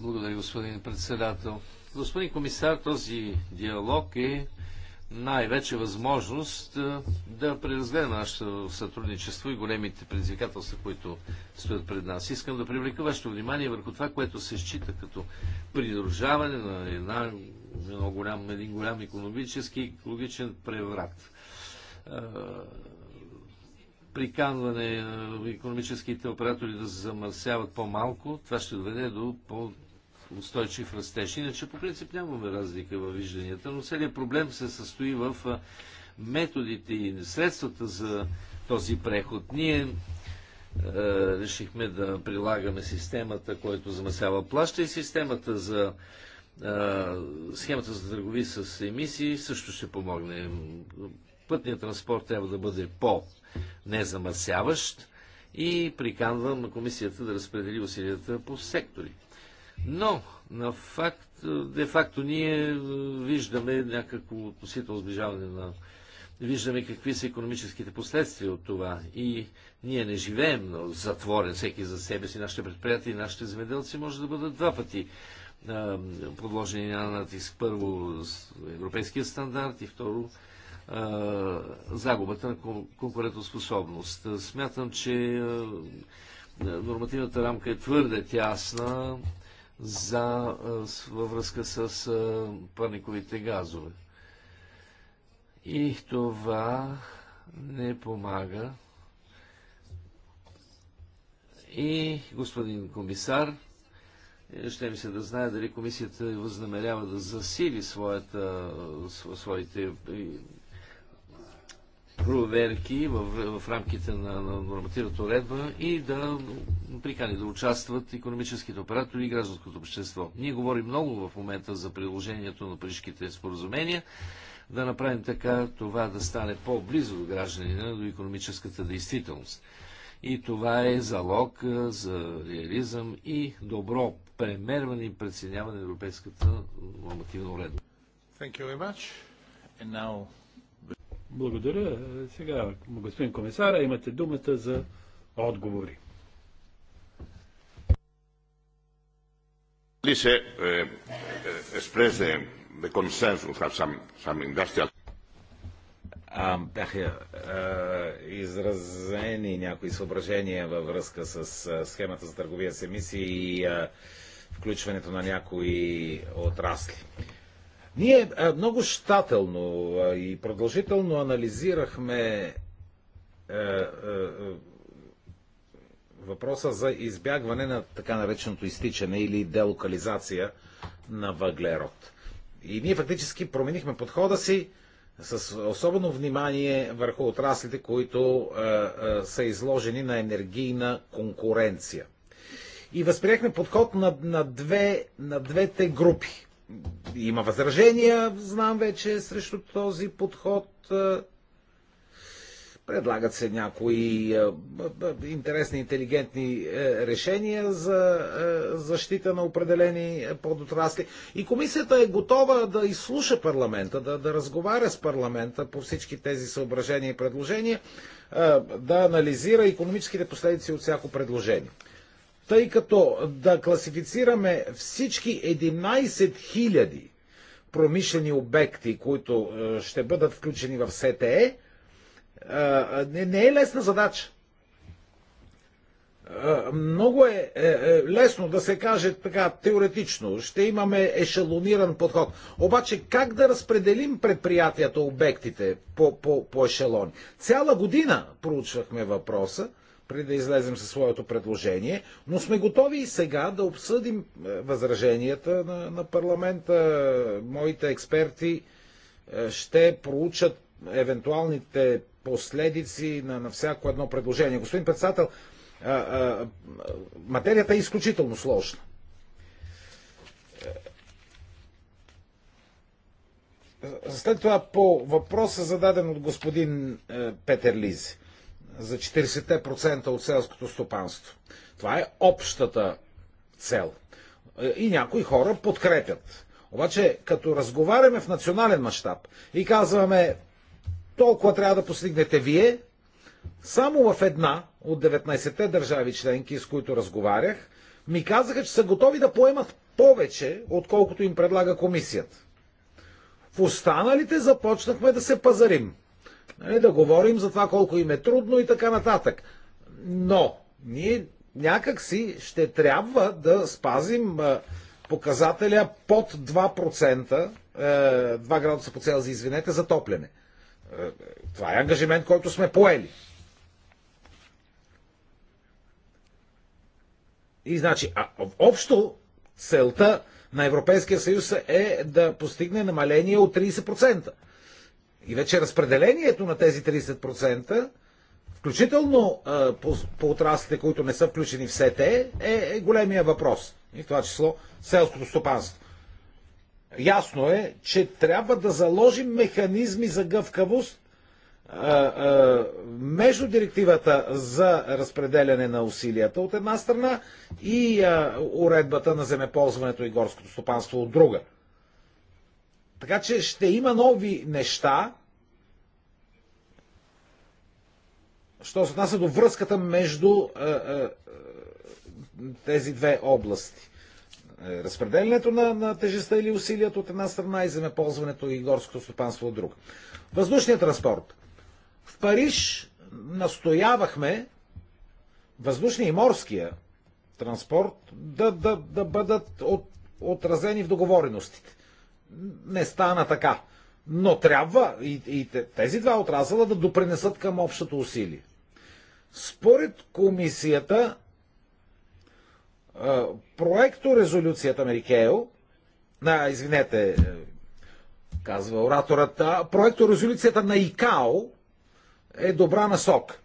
благодаря, господин председател. Господин комисар, този диалог е най-вече възможност да, да преразгледа нашето сътрудничество и големите предизвикателства, които стоят пред нас. Искам да привлека вашето внимание върху това, което се счита като придружаване на една едно голям, един голям економически и екологичен преврат. Е, приканване на е, економическите оператори да замърсяват по-малко, това ще доведе до по- устойчив растеж. Иначе по принцип нямаме разлика във вижданията, но целият проблем се състои в е, методите и средствата за този преход. Ние е, решихме да прилагаме системата, която замърсява плаща и системата за схемата за търгови с емисии също ще помогне. Пътният транспорт трябва да бъде по-незамърсяващ и приканвам комисията да разпредели усилията по сектори. Но, на факт, де-факто ние е, виждаме някакво относително сближаване на... Виждаме какви са економическите последствия от това. И ние не живеем затворен всеки за себе си. Нашите предприятия и нашите земеделци може да бъдат два пъти подложени на натиск. Първо европейския стандарт и второ загубата на конкурентоспособност. Смятам, че нормативната рамка е твърде тясна за, във връзка с парниковите газове. И това не помага. И господин комисар, ще ми се да знае дали комисията възнамерява да засили своята, своите е, проверки в, в рамките на, на нормативната уредба и да прикани да участват економическите оператори и гражданското общество. Ние говорим много в момента за приложението на парижките споразумения, да направим така това да стане по-близо до гражданина, до економическата действителност. И това е залог за реализъм и добро премерване и преценяване на европейската нормативна уредба. Now... Благодаря. Сега, господин комисар, имате думата за отговори. Lise, eh, express the, the concerns we а, бяха а, изразени някои съображения във връзка с а, схемата за търговия с емисии и а, включването на някои отрасли. Ние а, много щателно а, и продължително анализирахме а, а, въпроса за избягване на така нареченото изтичане или делокализация на въглерод. И ние фактически променихме подхода си с особено внимание върху отраслите, които е, е, са изложени на енергийна конкуренция. И възприехме подход на, на, две, на двете групи. Има възражения, знам вече, срещу този подход. Е, Предлагат се някои е, интересни, интелигентни е, решения за е, защита на определени подотрасли. И комисията е готова да изслуша парламента, да, да разговаря с парламента по всички тези съображения и предложения, да анализира економическите последици от всяко предложение. Тъй като да класифицираме всички 11 000 промишлени обекти, които ще бъдат включени в СТЕ, не, не е лесна задача. Много е, е, е, лесно да се каже така теоретично, ще имаме ешелониран подход. Обаче как да разпределим предприятията, обектите по, по, по ешелони? Цяла година проучвахме въпроса, преди да излезем със своето предложение, но сме готови и сега да обсъдим е, възраженията на, на парламента. Моите експерти ще проучат евентуалните последици на, на всяко едно предложение. Господин председател, материята е изключително сложна. След това по въпроса зададен от господин е, Петер Лизи за 40% от селското стопанство. Това е общата цел. Е, и някои хора подкрепят. Обаче, като разговаряме в национален мащаб и казваме толкова трябва да постигнете вие. Само в една от 19-те държави членки, с които разговарях, ми казаха, че са готови да поемат повече, отколкото им предлага комисията. В останалите започнахме да се пазарим. Нали, да говорим за това колко им е трудно и така нататък. Но ние някак си ще трябва да спазим показателя под 2%, 2 е, градуса по Целзий, извинете, топлене. Това е ангажимент, който сме поели. И значи, а, общо целта на Европейския съюз е да постигне намаление от 30%. И вече разпределението на тези 30%, включително а, по, по отраслите, които не са включени в СЕТЕ, е, е големия въпрос. И в това число селското стопанство. Ясно е, че трябва да заложим механизми за гъвкавост между директивата за разпределяне на усилията от една страна и уредбата на земеползването и горското стопанство от друга. Така че ще има нови неща, що се отнася до връзката между тези две области. Е, разпределянето на, на тежестта или усилията от една страна и земеползването и горското стопанство от друга. Въздушният транспорт. В Париж настоявахме въздушния и морския транспорт да, да, да бъдат от, отразени в договореностите. Не стана така. Но трябва и, и тези два отрасъла да допринесат към общото усилие. Според комисията, проекто резолюцията на а, извинете, казва ораторът, проекто резолюцията на ИКАО е добра насок.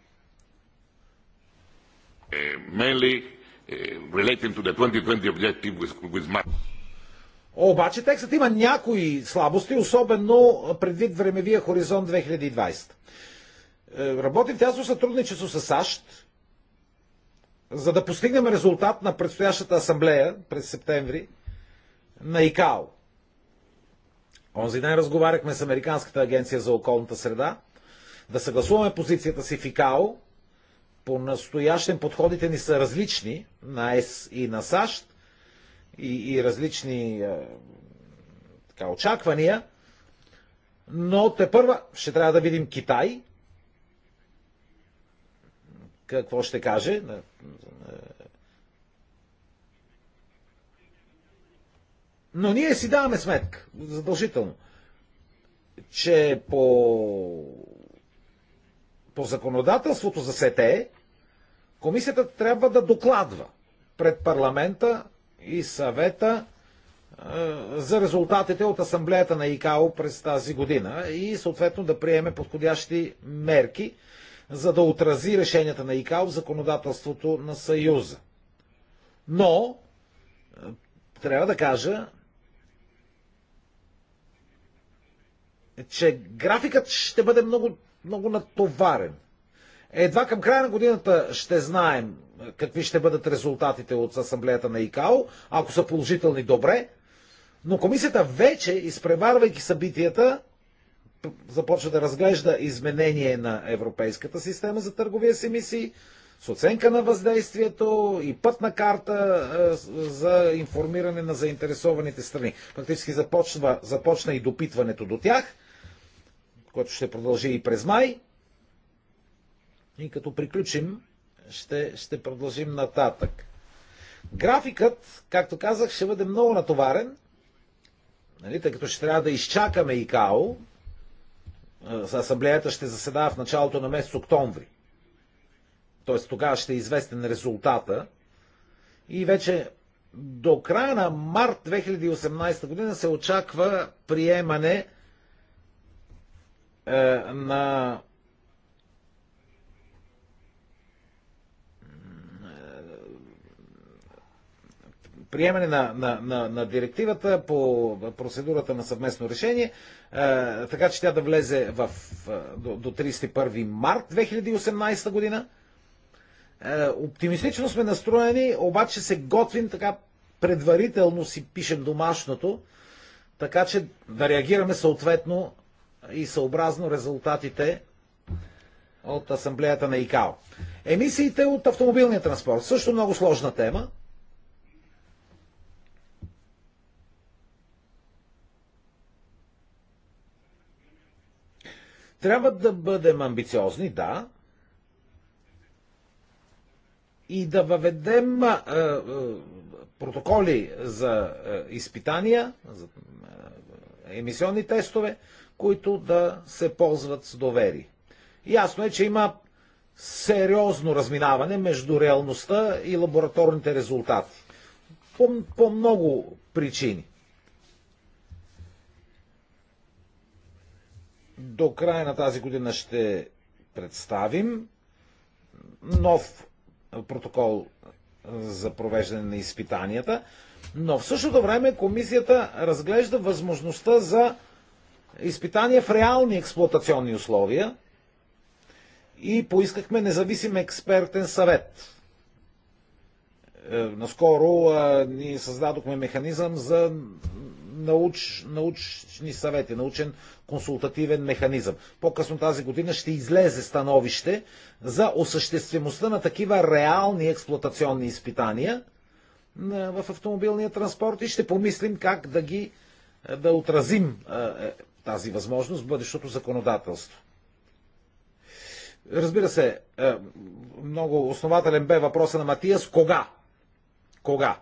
Мели, е, relating to the 2020 objective with, with обаче текстът има някои слабости, особено предвид времевия хоризонт 2020. Е, Работи в тясно сътрудничество с САЩ, за да постигнем резултат на предстоящата асамблея през септември на ИКАО. Онзи ден разговаряхме с Американската агенция за околната среда да съгласуваме позицията си в ИКАО. По настоящен подходите ни са различни на ЕС и на САЩ и, и различни е, така, очаквания, но те първа ще трябва да видим Китай какво ще каже. Но ние си даваме сметка, задължително, че по, по законодателството за СТЕ, комисията трябва да докладва пред парламента и съвета е, за резултатите от асамблеята на ИКАО през тази година и съответно да приеме подходящи мерки за да отрази решенията на ИКАО в законодателството на Съюза. Но, е, трябва да кажа, че графикът ще бъде много, много натоварен. Едва към края на годината ще знаем е, какви ще бъдат резултатите от асамблеята на ИКАО, ако са положителни добре, но комисията вече, изпреварвайки събитията, започва да разглежда изменение на европейската система за търговия с емисии с оценка на въздействието и пътна карта е, за информиране на заинтересованите страни. Фактически започва, започна и допитването до тях, което ще продължи и през май. И като приключим, ще, ще продължим нататък. Графикът, както казах, ще бъде много натоварен, нали, тъй като ще трябва да изчакаме ИКАО, Асамблеята ще заседава в началото на месец октомври. Тоест тогава ще е известен резултата. И вече до края на март 2018 година се очаква приемане е, на приемане на, на, на, на директивата по процедурата на съвместно решение, а, е, така че тя да влезе в, е, до, до 31 март 2018 година. А, е, оптимистично сме настроени, обаче се готвим така предварително си пишем домашното, така че да реагираме съответно и съобразно резултатите от асамблеята на ИКАО. Емисиите от автомобилния транспорт. Също много сложна тема. Трябва да бъдем амбициозни, да, и да въведем а, а, протоколи за а, изпитания, за а, емисионни тестове, които да се ползват с доверие. Ясно е, че има сериозно разминаване между реалността и лабораторните резултати. По, по много причини. До края на тази година ще представим нов протокол за провеждане на изпитанията, но в същото време комисията разглежда възможността за изпитания в реални експлуатационни условия и поискахме независим експертен съвет. Е, наскоро ние създадохме механизъм за науч, научни съвети, научен консултативен механизъм. По-късно тази година ще излезе становище за осъществимостта на такива реални експлуатационни изпитания в автомобилния транспорт и ще помислим как да ги да отразим е, тази възможност в бъдещото законодателство. Разбира се, много основателен бе въпроса на Матиас. Кога? Кога?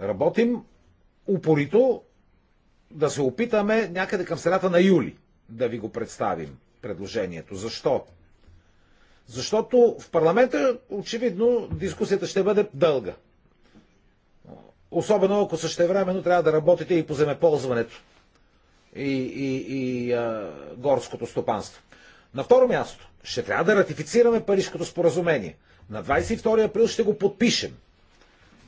Работим упорито да се опитаме някъде към средата на юли да ви го представим предложението. Защо? Защото в парламента очевидно дискусията ще бъде дълга. Особено ако същевременно трябва да работите и по земеползването и, и, и а, горското стопанство. На второ място, ще трябва да ратифицираме Парижското споразумение. На 22 април ще го подпишем.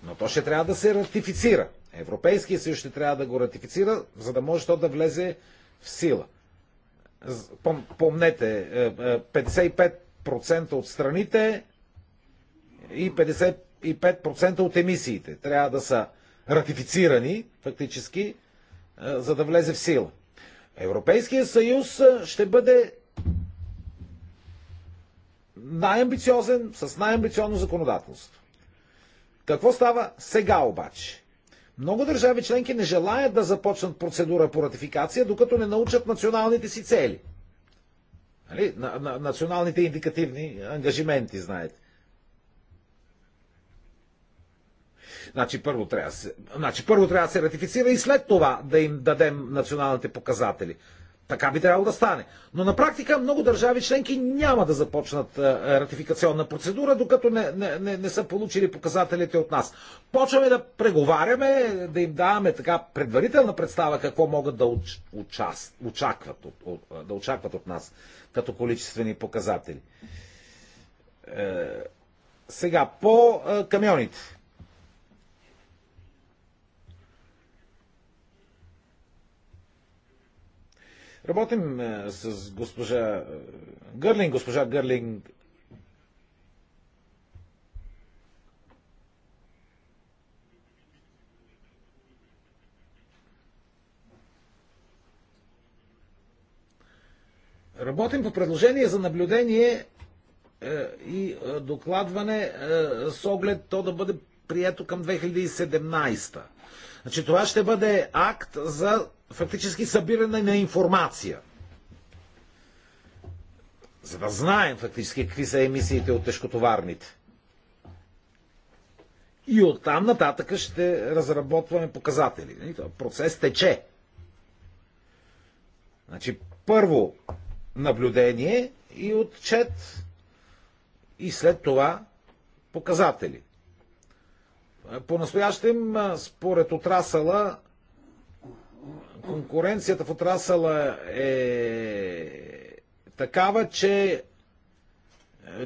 Но то ще трябва да се ратифицира. Европейския съюз ще трябва да го ратифицира, за да може то да влезе в сила. Помнете, 55% е, е, от страните и 55% от емисиите трябва да са ратифицирани, фактически, е, за да влезе в сила. Европейския съюз ще бъде най-амбициозен, с най-амбициозно законодателство. Какво става сега обаче? Много държави членки не желаят да започнат процедура по ратификация, докато не научат националните си цели. Нали? На, на, националните индикативни ангажименти, знаете. Значи първо, трябва се, значи първо трябва да се ратифицира и след това да им дадем националните показатели. Така би трябвало да стане. Но на практика много държави членки няма да започнат е, ратификационна процедура, докато не, не, не, не са получили показателите от нас. Почваме да преговаряме, да им даваме така предварителна представа какво могат да очакват, от, от, да очакват от нас като количествени показатели. Е, сега, по е, камионите. Работим е, с госпожа е, Гърлинг. Госпожа Гърлинг Работим по предложение за наблюдение е, и докладване с оглед то да бъде прието към 2017. Значи това ще бъде акт за фактически събиране на информация. За да знаем фактически какви са емисиите от тежкотоварните. И оттам нататък ще разработваме показатели. Процес тече. Значи, първо наблюдение и отчет и след това показатели. По-настоящем, според отрасала, конкуренцията в отрасъла е такава, че е,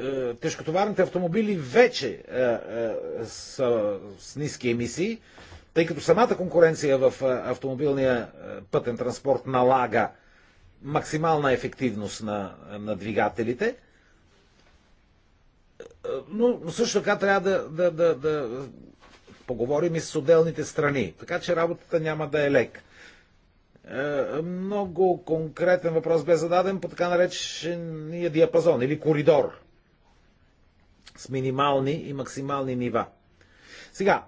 е, тежкотоварните автомобили вече е, са с ниски емисии, тъй като самата конкуренция в автомобилния пътен транспорт налага максимална ефективност на, на двигателите. Но също така трябва да, да, да, да поговорим и с отделните страни. Така че работата няма да е лек. Е, много конкретен въпрос бе зададен по така наречения диапазон или коридор с минимални и максимални нива. Сега,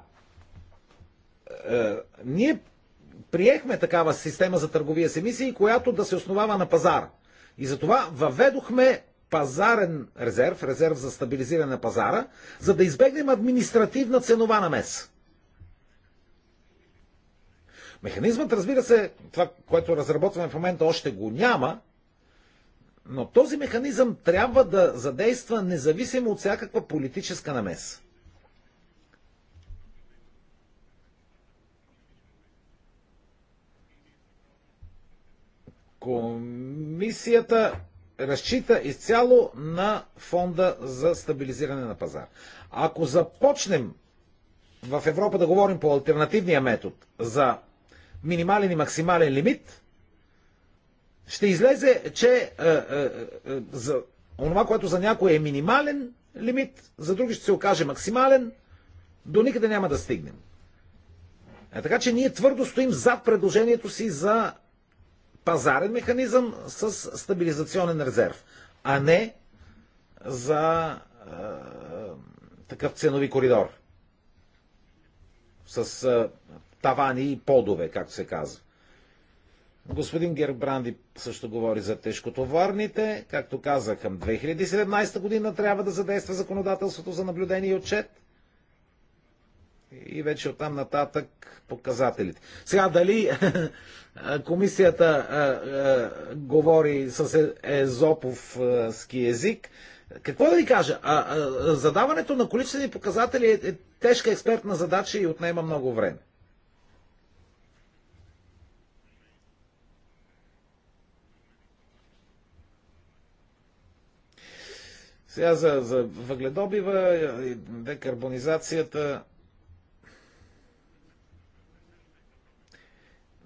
е, ние приехме такава система за търговия с емисии, която да се основава на пазара. И затова въведохме пазарен резерв, резерв за стабилизиране на пазара, за да избегнем административна ценова намеса. Механизмът, разбира се, това, което разработваме в момента, още го няма, но този механизъм трябва да задейства независимо от всякаква политическа намеса. Комисията разчита изцяло на фонда за стабилизиране на пазар. Ако започнем в Европа да говорим по альтернативния метод за минимален и максимален лимит, ще излезе, че е, е, е, за онова, което за някой е минимален лимит, за други ще се окаже максимален, до никъде няма да стигнем. А така че ние твърдо стоим зад предложението си за пазарен механизъм с стабилизационен резерв, а не за е, такъв ценови коридор с е, тавани и подове, както се казва. Господин Гербранди също говори за тежкотоварните. Както казах, към 2017 година трябва да задейства законодателството за наблюдение и отчет. И вече оттам нататък показателите. Сега дали *laughs* комисията а, а, говори с е, езоповски език, какво да ви кажа? А, а, задаването на количествени показатели е, е тежка експертна задача и отнема много време. Сега за, за въгледобива и декарбонизацията.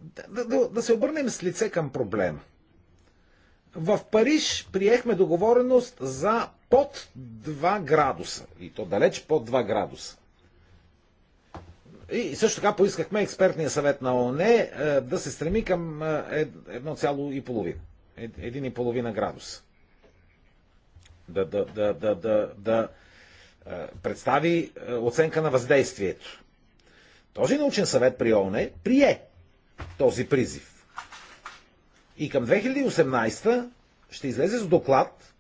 Да, да, да се обърнем с лице към проблема. В Париж приехме договореност за под 2 градуса. И то далеч под 2 градуса. И също така поискахме експертния съвет на ООН е, да се стреми към 1,5 е, е, градуса да, да, да, да, да, да представи оценка на въздействието. Този научен съвет при ОНЕ прие този призив. И към 2018 ще излезе с доклад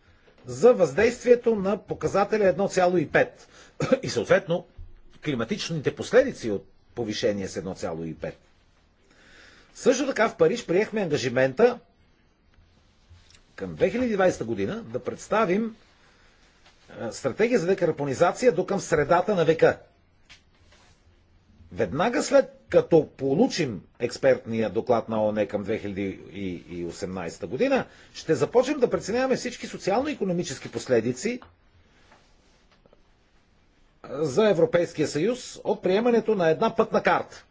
за въздействието на показателя 1,5 и съответно климатичните последици от повишение с 1,5. Също така в Париж приехме ангажимента към 2020 година да представим стратегия за декарбонизация до към средата на века. Веднага след като получим експертния доклад на ООН към 2018 година, ще започнем да преценяваме всички социално-економически последици за Европейския съюз от приемането на една пътна карта.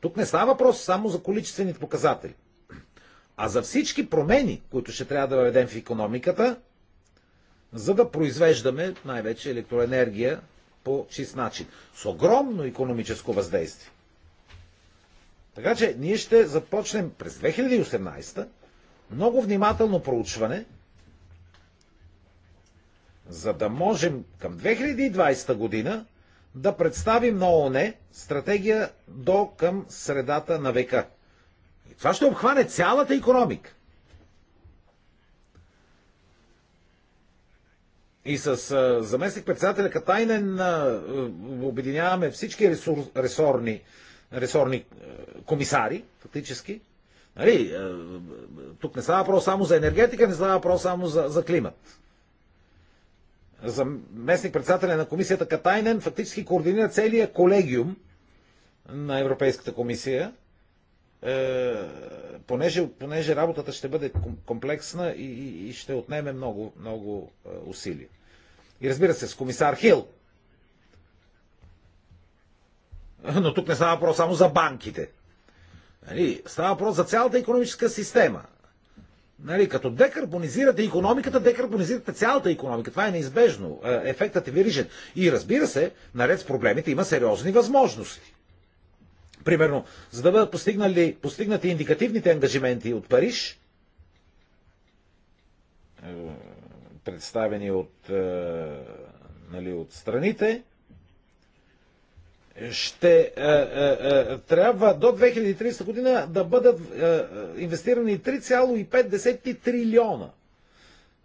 Тук не става въпрос само за количествените показатели а за всички промени, които ще трябва да въведем в економиката, за да произвеждаме най-вече електроенергия по чист начин. С огромно економическо въздействие. Така че ние ще започнем през 2018 много внимателно проучване, за да можем към 2020 година да представим на ООН стратегия до към средата на века. И това ще обхване цялата економика. И с заместник председателя Катайнен обединяваме всички ресур, ресорни, ресорни комисари, фактически. Нали, тук не става въпрос само за енергетика, не става въпрос само за, за климат. Заместник председателя на комисията Катайнен фактически координира целият колегиум на Европейската комисия е, понеже, понеже работата ще бъде комплексна и, и, и ще отнеме много, много е, усилия. И разбира се, с комисар Хил. Но тук не става въпрос само за банките. Нали, става въпрос за цялата економическа система. Нали, като декарбонизирате економиката, декарбонизирате цялата економика. Това е неизбежно. Е, ефектът е вирижен. И разбира се, наред с проблемите има сериозни възможности. Примерно, за да бъдат постигнати индикативните ангажименти от Париж, е, представени от, е, нали, от страните, ще е, е, е, трябва до 2030 година да бъдат е, е инвестирани 3,5 трилиона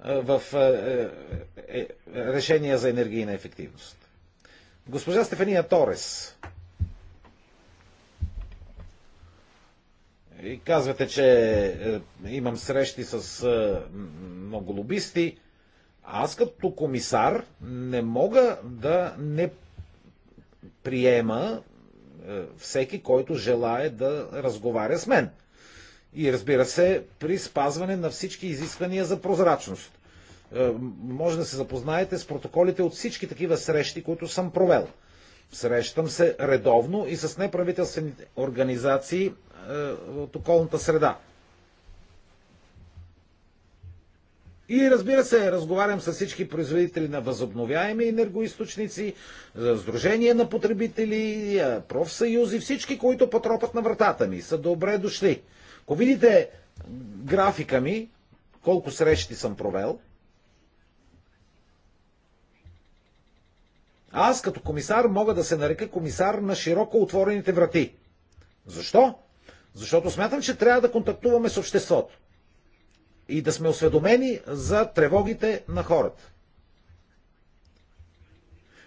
в е, е, решения за енергийна ефективност. Госпожа Стефания Торес. И казвате, че е, имам срещи с е, много лобисти. Аз като комисар не мога да не приема е, всеки, който желае да разговаря с мен. И разбира се, при спазване на всички изисквания за прозрачност. Може да се запознаете с протоколите от всички такива срещи, които съм провел. Срещам се редовно и с неправителствени организации е, от околната среда. И разбира се, разговарям с всички производители на възобновяеми енергоисточници, Сдружение на потребители, е, профсъюзи, всички, които потропат на вратата ми, са добре дошли. Ако видите графика ми, колко срещи съм провел, Аз като комисар мога да се нарека комисар на широко отворените врати. Защо? Защото смятам, че трябва да контактуваме с обществото и да сме осведомени за тревогите на хората.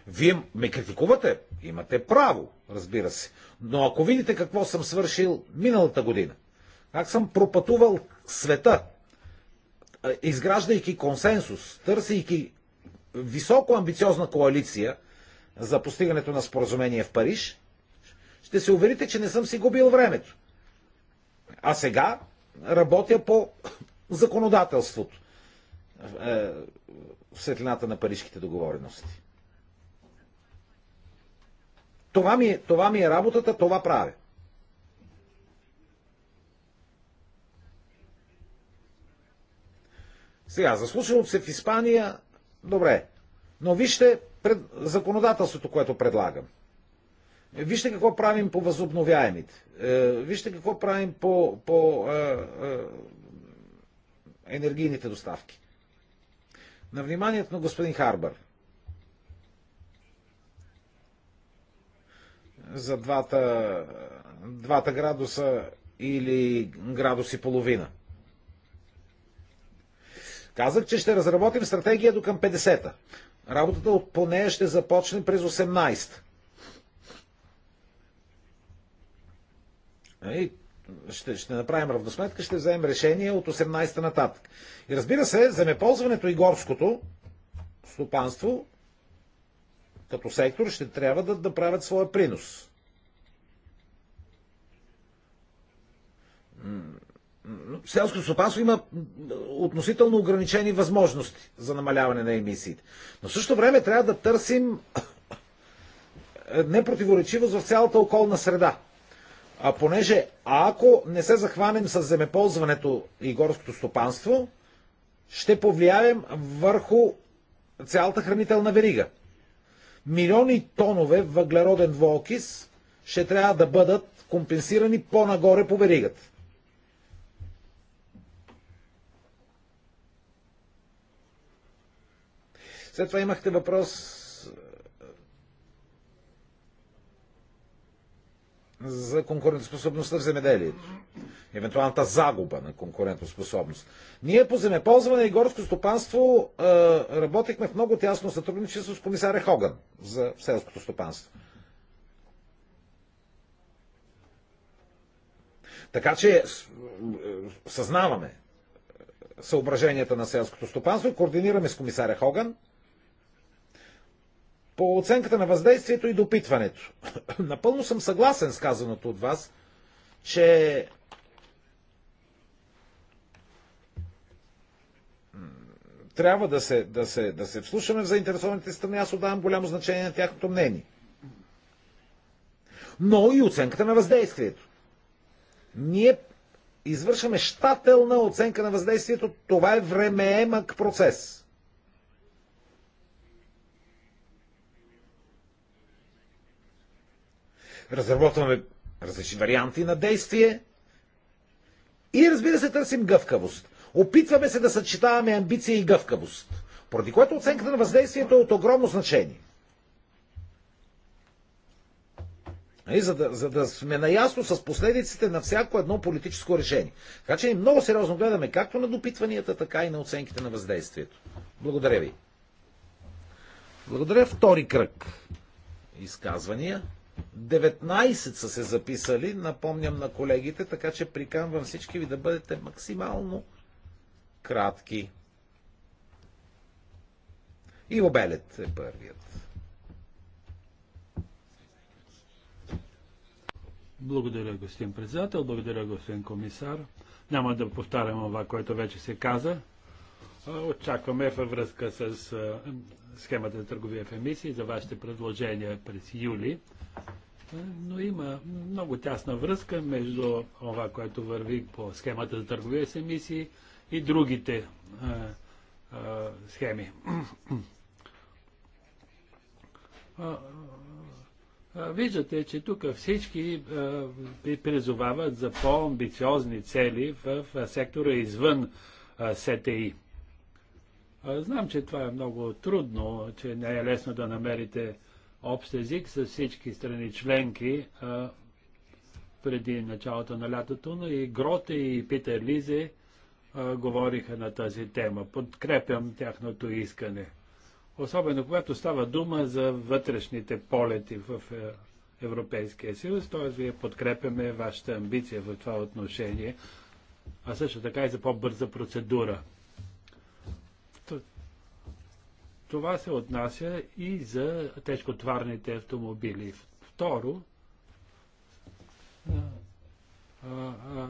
Вие ме критикувате, имате право, разбира се. Но ако видите какво съм свършил миналата година, как съм пропътувал света, изграждайки консенсус, търсейки високо амбициозна коалиция – за постигането на споразумение в Париж, ще се уверите, че не съм си губил времето. А сега работя по *coughs* законодателството е, в светлината на парижките договорености. Това ми, е, това ми е работата, това правя. Сега, заслушалото се в Испания, добре. Но вижте, пред законодателството, което предлагам. Е, вижте какво правим по възобновяемите. Е, вижте какво правим по, по е, е, енергийните доставки. На вниманието на господин Харбър. За двата, двата градуса или градус и половина. Казах, че ще разработим стратегия до към 50-та. Работата по нея ще започне през 18. И ще, ще направим равносметка, ще вземем решение от 18-та нататък. И разбира се, земеползването и горското стопанство като сектор ще трябва да, да правят своя принос селското стопанство има относително ограничени възможности за намаляване на емисиите. Но в същото време трябва да търсим непротиворечивост в цялата околна среда. А понеже ако не се захванем с земеползването и горското стопанство, ще повлияем върху цялата хранителна верига. Милиони тонове въглероден двуокис ще трябва да бъдат компенсирани по-нагоре по веригата. След това имахте въпрос е, за конкурентоспособността в земеделието. Евентуалната загуба на конкурентоспособност. Ние по земеползване и горско стопанство е, работихме в много тясно сътрудничество с комисаря Хоган за селското стопанство. Така че е, съзнаваме е, съображенията на селското стопанство, координираме с комисаря Хоган – по оценката на въздействието и допитването. *clears throat* Напълно съм съгласен с казаното от вас, че трябва да се, да се, да се вслушаме в заинтересованите страни. Аз отдавам голямо значение на тяхното мнение. Но и оценката на въздействието. Ние извършваме щателна оценка на въздействието. Това е времеемък процес. разработваме различни варианти на действие и разбира се търсим гъвкавост. Опитваме се да съчетаваме амбиция и гъвкавост, поради което оценката на въздействието е от огромно значение. И за, да, за да сме наясно с последиците на всяко едно политическо решение. Така че много сериозно гледаме както на допитванията, така и на оценките на въздействието. Благодаря ви. Благодаря. Втори кръг изказвания. 19 са се записали, напомням на колегите, така че приканвам всички ви да бъдете максимално кратки. И обелет е първият. Благодаря, господин председател, благодаря, господин комисар. Няма да повтарям това, което вече се каза. Очакваме във връзка с схемата за търговия в емисии, за вашите предложения през юли. Но има много тясна връзка между това, което върви по схемата за търговия с емисии и другите а, а, схеми. виждате, че тук всички призовават за по-амбициозни цели в, в сектора извън СТИ. Знам, че това е много трудно, че не е лесно да намерите общ език с всички страни членки а, преди началото на лятото, но и Гроте и Питер Лизе а, говориха на тази тема. Подкрепям тяхното искане. Особено когато става дума за вътрешните полети в е, Европейския съюз, т.е. вие подкрепяме вашата амбиция в това отношение, а също така и за по-бърза процедура. Това се отнася и за тежкотварните автомобили. Второ, а, а,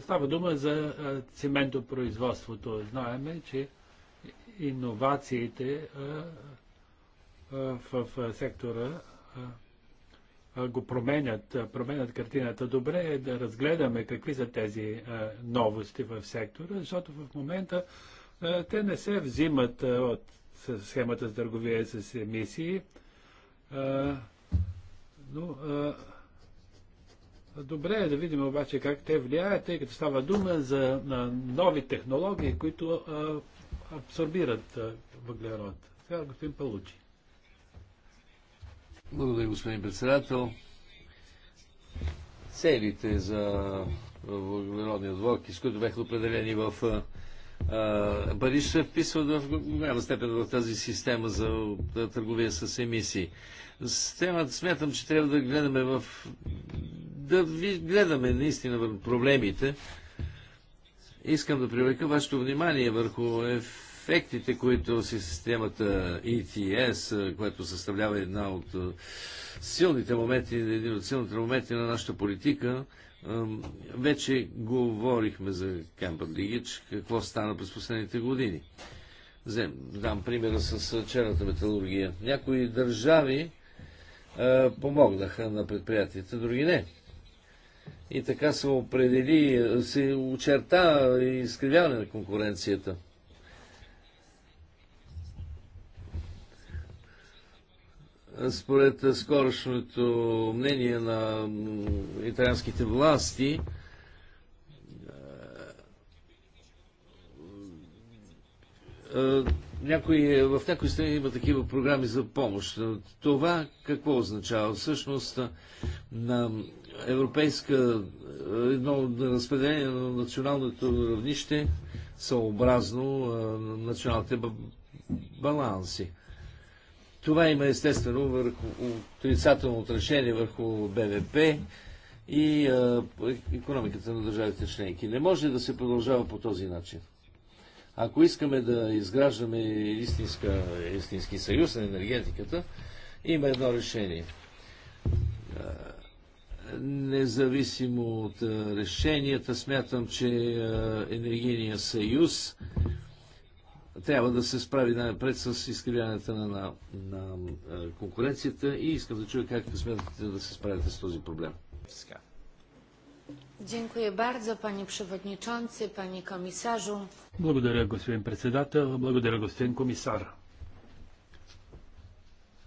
става дума за цементопроизводството. Знаеме, че иновациите в сектора го променят, променят картината. Добре е да разгледаме какви са тези новости в сектора, защото в момента е, те не се взимат е, от схемата за търговия с емисии, е, но добре е да видим обаче как те влияят, тъй като става дума за нови технологии, които абсорбират въглерод. Сега господин Палучи. Благодаря, господин председател. Целите за въглеродния двор, с които бяха определени в Париж се вписва в голяма степен в тази система за търговия с емисии. Системата смятам, че трябва да гледаме в... да ви гледаме наистина в проблемите. Искам да привлека вашето внимание върху ефектите, които си системата ETS, която съставлява една от силните моменти, един от силните моменти на нашата политика, вече говорихме за Кемпът Лигич, какво стана през последните години. Взем, дам примера с черната металургия. Някои държави е, помогнаха на предприятията, други не. И така се определи, се очерта изкривяване на конкуренцията. Според скорошното мнение на италианските власти, е, е, някои, в някои страни има такива програми за помощ. Това какво означава? Всъщност на европейска, едно разпределение на националното равнище съобразно е, националните баланси. Това има естествено върху отрицателно отражение върху БВП и а, економиката на държавите членки. Не може да се продължава по този начин. Ако искаме да изграждаме истинска, истински съюз на енергетиката, има едно решение. Независимо от решенията, смятам, че енергийния съюз трябва да се справи най-напред с изкривяването на, на, на е, конкуренцията и искам да чуя как смятате да се справите с този проблем. Благодаря, господин председател. Благодаря, господин комисар.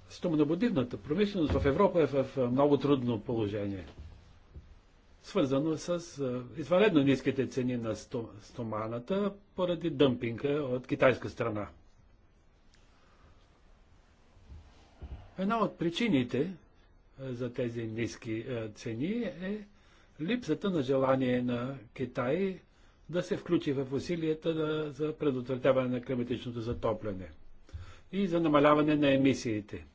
Стомнободивната промишленост в Европа е в много трудно положение свързано с извънредно ниските цени на стоманата поради дъмпинга от китайска страна. Една от причините за тези ниски цени е липсата на желание на Китай да се включи в усилията за предотвратяване на климатичното затопляне и за намаляване на емисиите.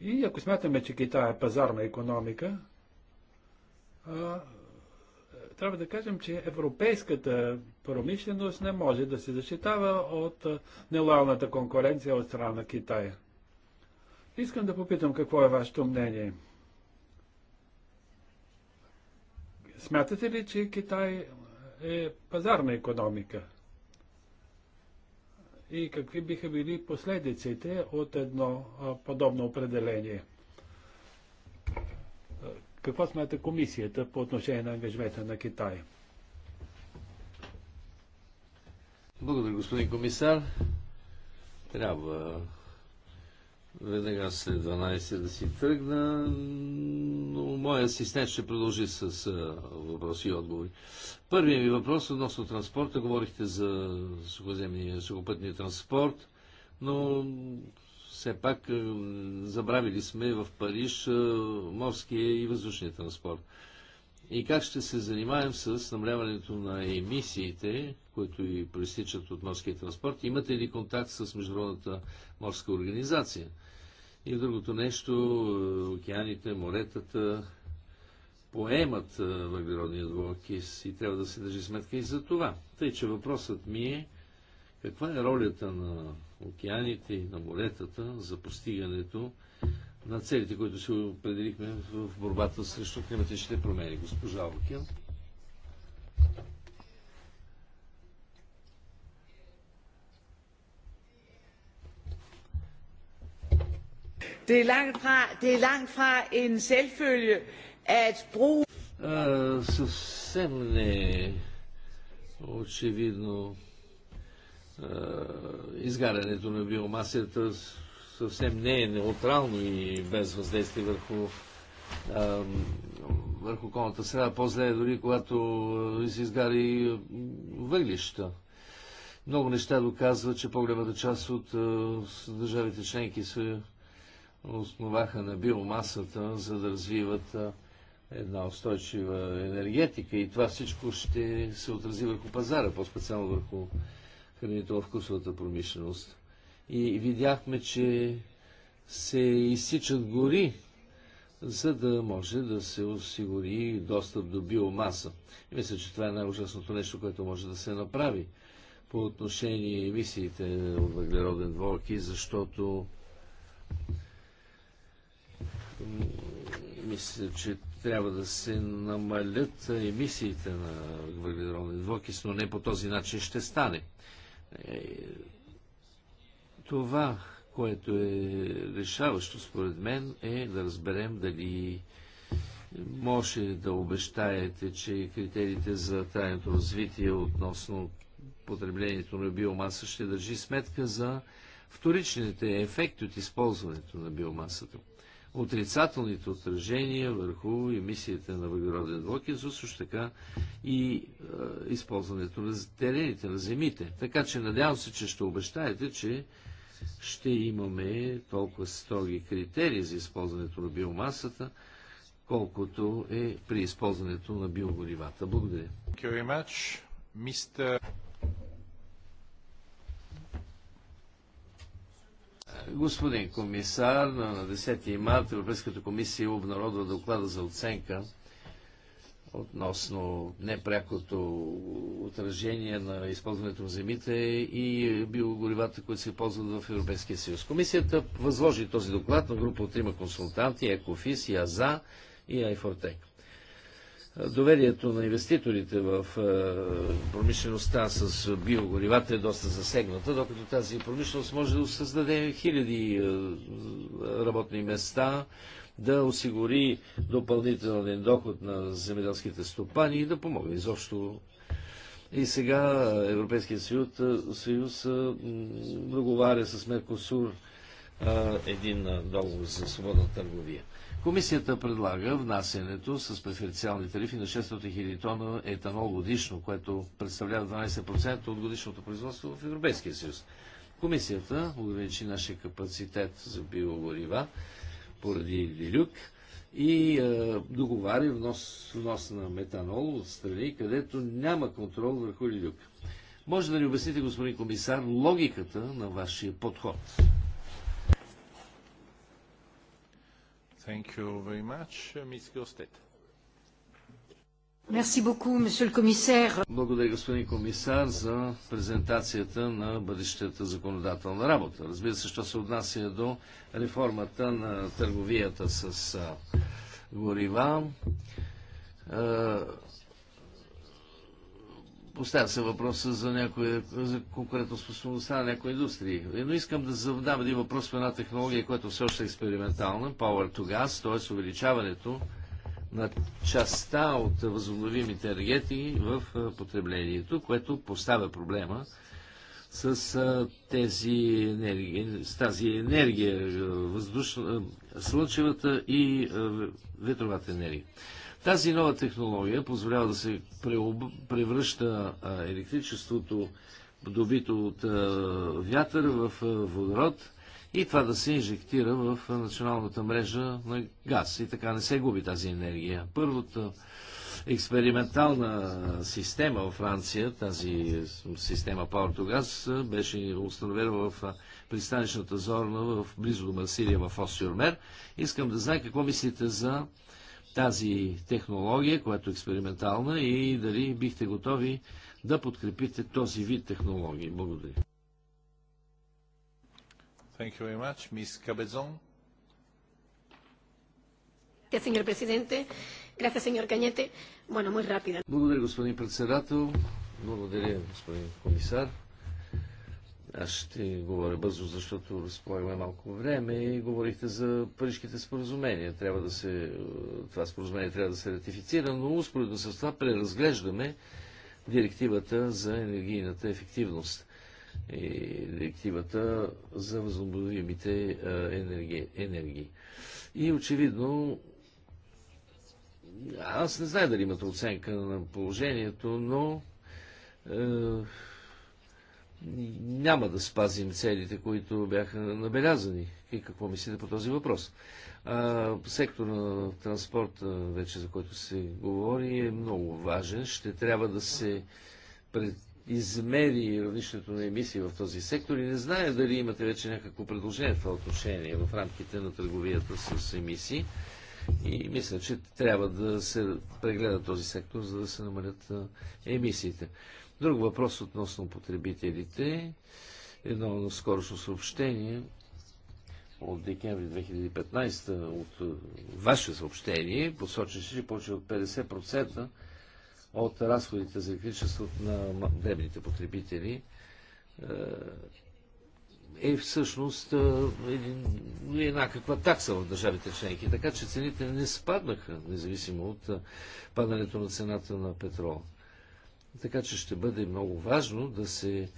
И ако смятаме, че Китай е пазарна економика, а, трябва да кажем, че европейската промишленост не може да се защитава от нелоялната конкуренция от страна на Китая. Искам да попитам какво е вашето мнение. Смятате ли, че Китай е пазарна економика? и какви биха били последиците от едно подобно определение. Какво смята комисията по отношение на ангажмента на Китай? Благодаря, господин комисар. Трябва Веднага след 12 да си тръгна, но моя асистент ще продължи с въпроси и отговори. Първият ми въпрос относно транспорта. Говорихте за сухоземния сухопътния транспорт, но все пак забравили сме в Париж морския и въздушния транспорт. И как ще се занимаем с намаляването на емисиите, които и проистичат от морския транспорт? Имате ли контакт с Международната морска организация? И другото нещо, е, океаните, моретата поемат е, въглеродния двуокис и трябва да се държи сметка и за това. Тъй, че въпросът ми е каква е ролята на океаните и на моретата за постигането на целите, които се определихме в борбата срещу климатичните промени. Госпожа Окен. Det er langt fra, det er langt fra en selvfølge at bruge... А, съвсем не очевидно изгарянето на биомасията съвсем не е неутрално и без въздействие върху върху околната среда. По-зле е дори когато се изгари въглища. Много неща доказват, че по-голямата част от държавите членки са основаха на биомасата, за да развиват една устойчива енергетика и това всичко ще се отрази върху пазара, по-специално върху хранително-вкусовата промишленост. И видяхме, че се изсичат гори, за да може да се осигури достъп до биомаса. И мисля, че това е най-ужасното нещо, което може да се направи по отношение емисиите от въглероден двойки, защото мисля, че трябва да се намалят емисиите на въглеродни двокис, но не по този начин ще стане. Е, това, което е решаващо според мен е да разберем дали може да обещаете, че критериите за трайното развитие относно потреблението на биомаса ще държи сметка за вторичните ефекти от използването на биомасата отрицателните отражения върху емисията на въглероден двуокис, но също така и е, използването на терените, на земите. Така че надявам се, че ще обещаете, че ще имаме толкова строги критерии за използването на биомасата, колкото е при използването на биогоривата. Благодаря. Господин комисар, на 10 марта Европейската комисия обнародва доклада за оценка относно непрякото отражение на използването на земите и биогоривата, които се ползват в Европейския съюз. Комисията възложи този доклад на група от трима консултанти, Екофис, ЯЗА и Айфортек. Доверието на инвеститорите в е, промишлеността с биогоривата е доста засегната, докато тази промишленост може да създаде хиляди е, работни места, да осигури допълнителен доход на земеделските стопани и да помогне изобщо. И сега Европейския съюз, е, съюз договаря с Меркосур един договор за свободна търговия. Комисията предлага внасянето с преференциални тарифи на 600 000 тона етанол годишно, което представлява 12% от годишното производство в Европейския съюз. Комисията ограничи нашия капацитет за биогорива поради Лилюк и е, договаря внос, внос на метанол от страни, където няма контрол върху Лилюк. Може да ни обясните, господин комисар, логиката на вашия подход? Thank you very much, uh, Ms. Gostet. Merci beaucoup, monsieur le commissaire. Благодаря, господин комисар, за презентацията на бъдещата законодателна работа. Разбира се, що се отнася до реформата на търговията с горива Поставя се въпроса за, някои, за конкурентоспособността на някои индустрии. Но искам да задам един въпрос по една технология, която все още е експериментална, Power to Gas, т.е. увеличаването на частта от възобновимите енергетики в потреблението, което поставя проблема с, тези енергии, с тази енергия, въздушна, слънчевата и ветровата енергия. Тази нова технология позволява да се превръща електричеството, добито от вятър, в водород и това да се инжектира в националната мрежа на газ. И така не се губи тази енергия. Първото експериментална система във Франция, тази система Power to Gas, беше установена в пристанищната зона в близо до Марсилия в Осиормер. Искам да знае какво мислите за тази технология, която е експериментална и дали бихте готови да подкрепите този вид технологии. Благодаря. Thank you very much. Cabezon. Señor presidente, gracias señor Cañete. Bueno, muy rápida. Благодаря, господин председател. Благодаря, господин комисар. Аз ще говоря бързо, защото разполагаме малко време и говорихте за парижките споразумения. Трябва да се, това споразумение трябва да се ратифицира, но успоредно с това преразглеждаме директивата за енергийната ефективност и директивата за възобновимите енергии. енергии. И очевидно, аз не знам дали имате оценка на положението, но е, няма да спазим целите, които бяха набелязани. И какво мислите по този въпрос? А, сектор на транспорт, вече за който се говори, е много важен. Ще трябва да се пред... измери равнището на емисии в този сектор и не знае дали имате вече някакво предложение в това отношение в рамките на търговията с емисии. И мисля, че трябва да се прегледа този сектор, за да се намалят емисиите. Друг въпрос относно потребителите. Едно на скорошно съобщение от декември 2015 от е, ваше съобщение посочеше, че повече от 50% от разходите за електричество на дребните потребители е, е всъщност е, еднаква такса в държавите членки, така че цените не спаднаха, независимо от падането на цената на петрола. Така че ще бъде много важно да се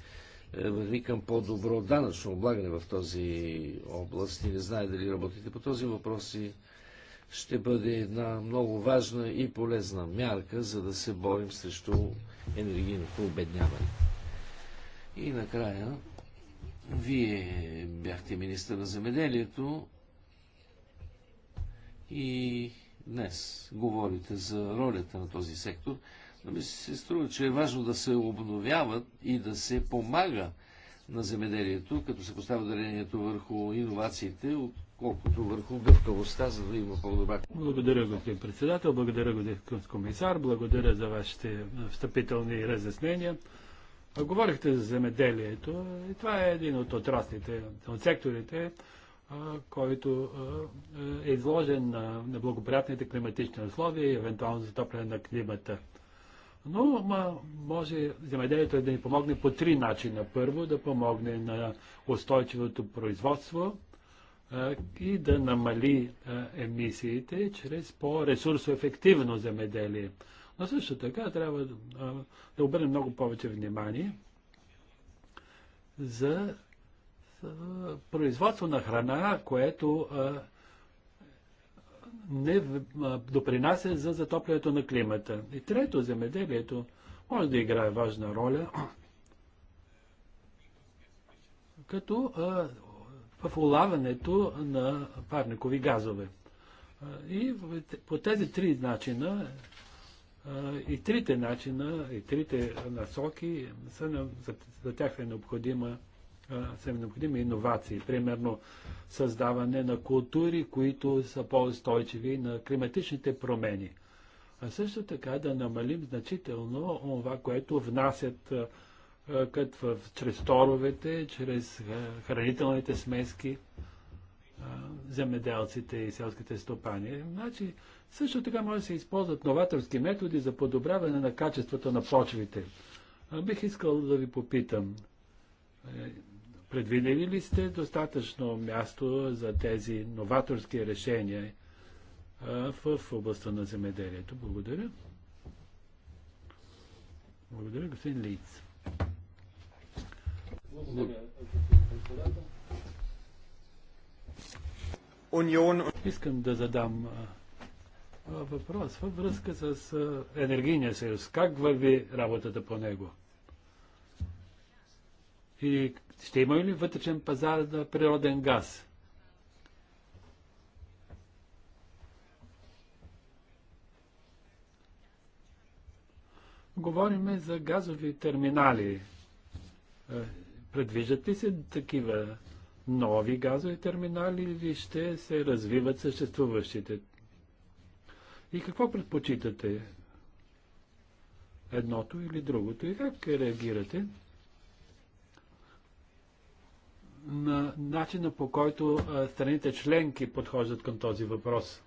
е, върви към по-добро данъчно облагане в този област и не знае дали работите по този въпрос и ще бъде една много важна и полезна мярка, за да се борим срещу енергийното обедняване. И накрая, вие бяхте министър на земеделието и днес говорите за ролята на този сектор – ми се струва, че е важно да се обновяват и да се помага на земеделието, като се поставя дарението върху иновациите, отколкото върху гъвкавостта, за да има по-добра. Благодаря, господин председател, благодаря, господин комисар, благодаря за вашите встъпителни разяснения. Говорихте за земеделието и това е един от отраслите, от секторите, който е изложен на неблагоприятните климатични условия и евентуално затопляне на климата. Но ма, може земеделието да ни помогне по три начина. Първо, да помогне на устойчивото производство а, и да намали а, емисиите чрез по-ресурсоефективно земеделие. Но също така трябва а, да обърнем много повече внимание за производство на храна, което а, не допринася за затоплянето на климата. И трето, земеделието може да играе важна роля, *clears throat* като а, в улаването на парникови газове. И по тези три начина и трите начина, и трите насоки, са, за тях е необходима са необходими иновации. Примерно създаване на култури, които са по-устойчиви на климатичните промени. А също така да намалим значително това, което внасят като чрез торовете, чрез хранителните смески, земеделците и селските стопани. Значи, също така може да се използват новаторски методи за подобряване на качеството на почвите. Бих искал да ви попитам, е, Предвидели ли сте достатъчно място за тези новаторски решения в областта на земеделието? Благодаря. Благодаря, господин Лиц. Искам да задам въпрос във връзка с енергийния съюз. Как върви работата по него? И ще има ли вътрешен пазар за природен газ? Говориме за газови терминали. Е, предвиждат ли се такива нови газови терминали или ще се развиват съществуващите? И какво предпочитате? Едното или другото? И как реагирате? на начина по който страните членки подхождат към този въпрос.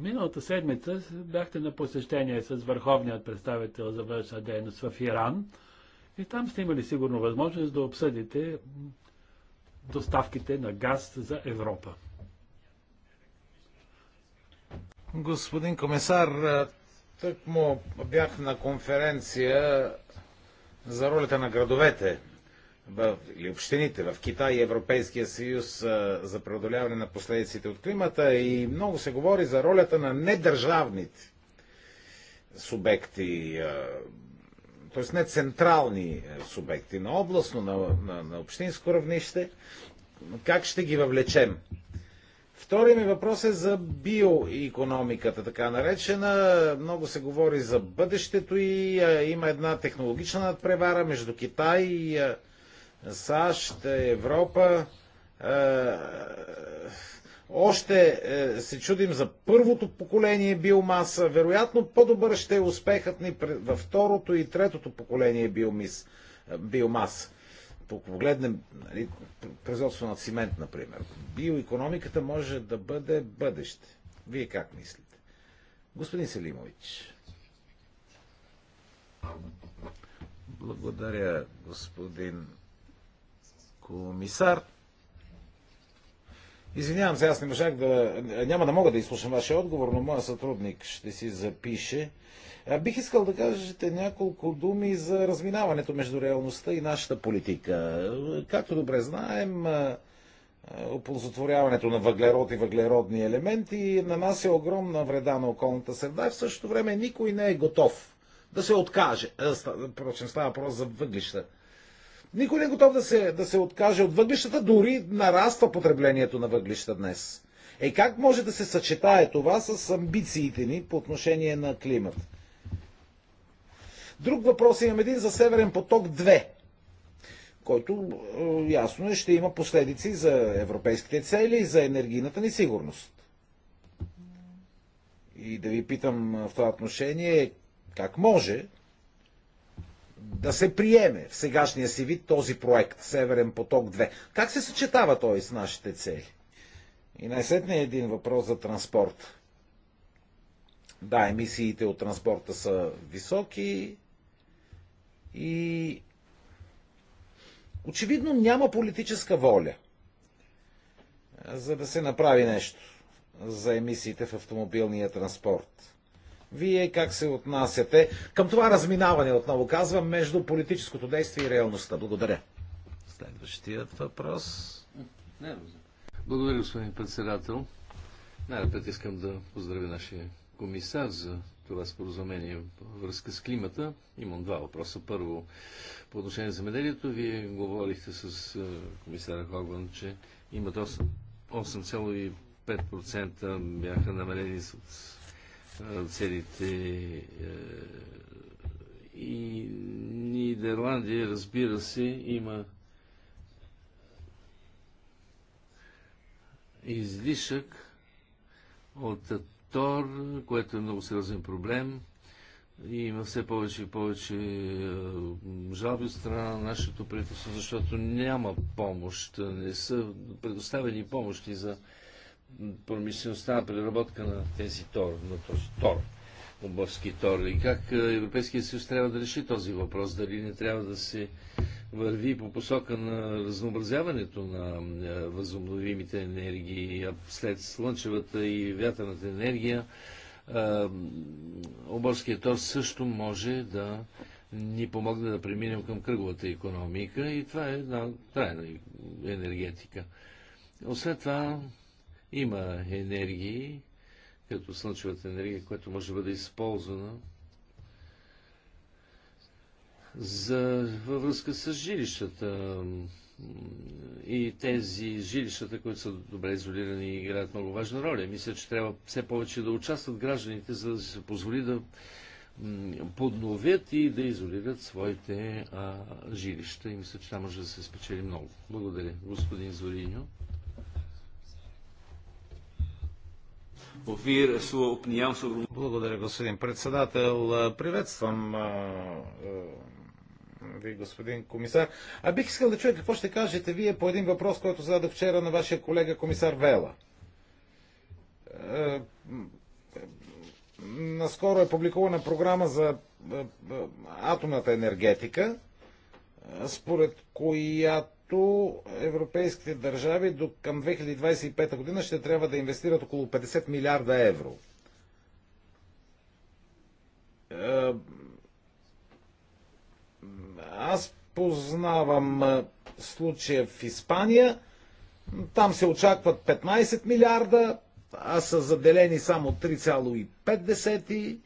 Миналата седмица бяхте на посещение с върховният представител за външна дейност в Иран и там сте имали сигурно възможност да обсъдите доставките на газ за Европа. Господин комисар, тъкмо му бях на конференция за ролята на градовете в, или общините в Китай и Европейския съюз за преодоляване на последиците от климата и много се говори за ролята на недържавните субекти, т.е. не централни субекти, на областно, на, на, на общинско равнище. Как ще ги въвлечем Втори ми въпрос е за биоекономиката, така наречена. Много се говори за бъдещето и а, има една технологична надпревара между Китай и а, САЩ, Европа. А, още е, се чудим за първото поколение биомаса. Вероятно по-добър ще е успехът ни във второто и третото поколение биомис, биомаса погледнем нали, производство на цимент, например, биоекономиката може да бъде бъдеще. Вие как мислите? Господин Селимович. Благодаря, господин комисар. Извинявам се, аз не можах да... Няма да мога да изслушам вашия отговор, но моя сътрудник ще си запише. Бих искал да кажете няколко думи за разминаването между реалността и нашата политика. Както добре знаем, оползотворяването на въглерод и въглеродни елементи нанася огромна вреда на околната среда и в същото време никой не е готов да се откаже. Впрочем, става въпрос за въглища. Никой не е готов да се, да се откаже от въглищата, дори нараства потреблението на въглища днес. Е как може да се съчетае това с амбициите ни по отношение на климата? Друг въпрос имам един за Северен поток 2 който е, ясно е, ще има последици за европейските цели и за енергийната ни сигурност. И да ви питам е, в това отношение как може да се приеме в сегашния си вид този проект Северен поток 2. Как се съчетава той с нашите цели? И най-сетне е един въпрос за транспорт. Да, емисиите от транспорта са високи, и очевидно няма политическа воля за да се направи нещо за емисиите в автомобилния транспорт. Вие как се отнасяте към това разминаване, отново казвам, между политическото действие и реалността? Благодаря. Следващият въпрос. Не, благодаря, господин председател. Най-напред искам да поздравя нашия комисар за това споразумение във връзка с климата. Имам два въпроса. Първо, по отношение на земеделието, вие говорихте с е, комисара Хогван, че имат 8,5% бяха намалени с е, целите е, и Нидерландия, разбира се, има излишък от сектор, което е много сериозен проблем. И има все повече и повече е, жалби от страна на нашето правителство, защото няма помощ, не са предоставени помощи за промишлеността на преработка на тези тор, на този тор, обовски тор. И как е, Европейския съюз трябва да реши този въпрос? Дали не трябва да се върви по посока на разнообразяването на е, възобновимите енергии, след слънчевата и вятърната енергия, е, оборският тор също може да ни помогне да преминем към кръговата економика и това е една трайна енергетика. Освен това, има енергии, като слънчевата енергия, която може да бъде използвана за, във връзка с жилищата и тези жилищата, които са добре изолирани и играят много важна роля. Мисля, че трябва все повече да участват гражданите, за да се позволи да подновят и да изолират своите а, жилища. И мисля, че там може да се спечели много. Благодаря, господин Зориньо. Благодаря, господин председател. Приветствам ви, господин комисар. А бих искал да чуя какво ще кажете вие по един въпрос, който зададох вчера на вашия колега комисар Вела. Е, наскоро е публикувана програма за е, е, атомната енергетика, според която европейските държави до към 2025 година ще трябва да инвестират около 50 милиарда евро. Аз познавам случая в Испания. Там се очакват 15 милиарда, а са заделени само 3,5.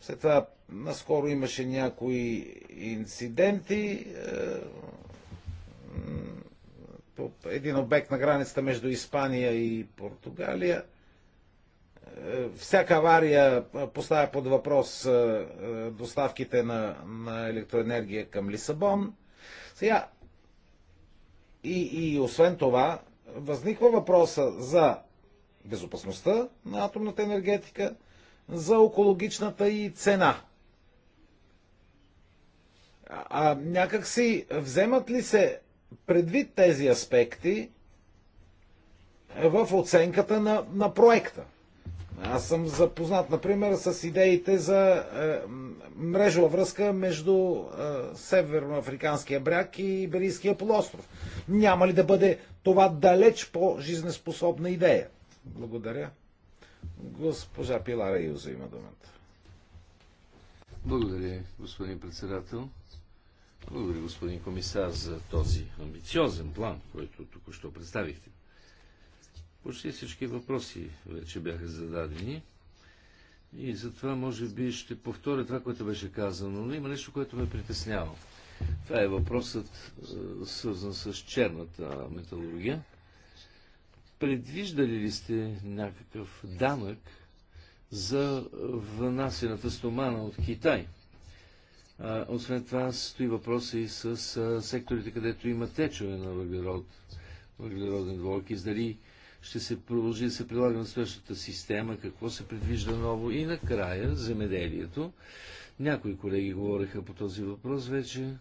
След това наскоро имаше някои инциденти. Е, един обект на границата между Испания и Португалия – всяка авария поставя под въпрос доставките на, на електроенергия към Лисабон. Сега, и, и освен това, възниква въпроса за безопасността на атомната енергетика, за екологичната и цена. А, а някак си вземат ли се предвид тези аспекти в оценката на, на проекта? Аз съм запознат, например, с идеите за е, мрежова връзка между е, Северноафриканския бряг и Иберийския полуостров. Няма ли да бъде това далеч по-жизнеспособна идея? Благодаря. Госпожа Пилара Юза има думата. Благодаря, господин председател. Благодаря, господин комисар, за този амбициозен план, който току-що представихте. Почти всички въпроси вече бяха зададени. И затова, може би, ще повторя това, което беше казано, но има нещо, което ме притеснява. Това е въпросът, е, свързан с черната металургия. Предвиждали ли сте някакъв данък за внасената стомана от Китай? А, освен това, стои въпроса и с а, секторите, където има течове на въглерод, въглероден двойки, Дали ще се продължи да се прилага на следващата система, какво се предвижда ново и накрая земеделието. Някои колеги говориха по този въпрос вече.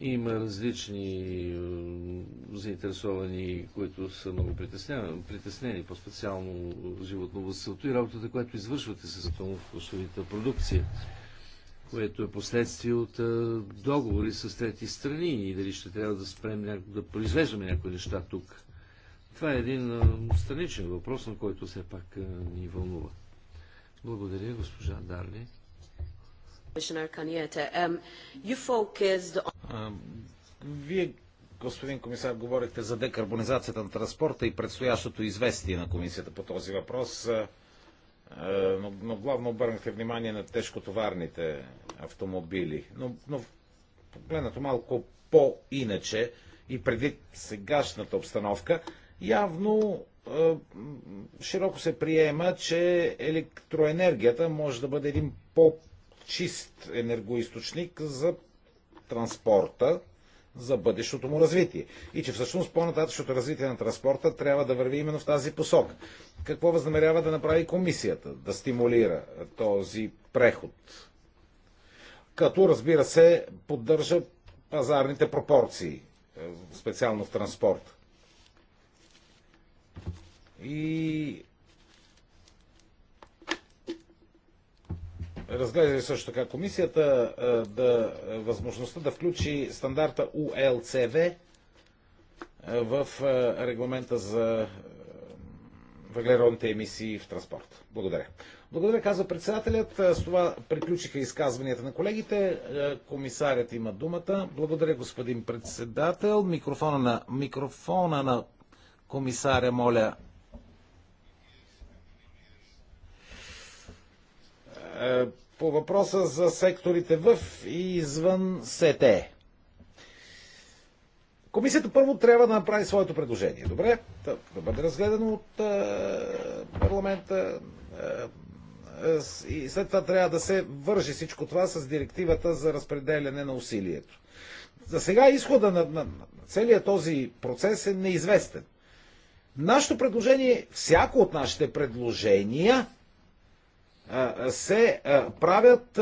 Има различни е, заинтересовани, които са много притеснени, притеснени по-специално животновъдството и работата, която извършвате с хранително продукция което е последствие от договори с трети страни и дали ще трябва да спрем няко... да произвеждаме някои неща тук. Това е един страничен въпрос, на който все пак ни вълнува. Благодаря, госпожа Дарли. Um, вие, господин комисар, говорихте за декарбонизацията на транспорта и предстоящото известие на комисията по този въпрос. Е, но, но главно обърнахте внимание на тежкотоварните автомобили. Но, но погледнато малко по-иначе и преди сегашната обстановка, явно е, широко се приема, че електроенергията може да бъде един по-чист енергоисточник за транспорта, за бъдещото му развитие. И че всъщност по-нататъчното развитие на транспорта трябва да върви именно в тази посока. Какво възнамерява да направи комисията? Да стимулира този преход. Като, разбира се, поддържа пазарните пропорции, е, специално в транспорт. И Разгледа също така комисията да, възможността да включи стандарта УЛЦВ в регламента за въглеродните емисии в транспорт. Благодаря. Благодаря, казва председателят. С това приключиха изказванията на колегите. Комисарят има думата. Благодаря, господин председател. Микрофона на, микрофона на комисаря, моля, Е, по въпроса за секторите в и извън СЕТЕ. Комисията първо трябва да направи своето предложение. Добре, да бъде разгледано от е, парламента. Е, и след това трябва да се вържи всичко това с директивата за разпределяне на усилието. За сега изхода на, на, на целият този процес е неизвестен. Нашето предложение, всяко от нашите предложения, се правят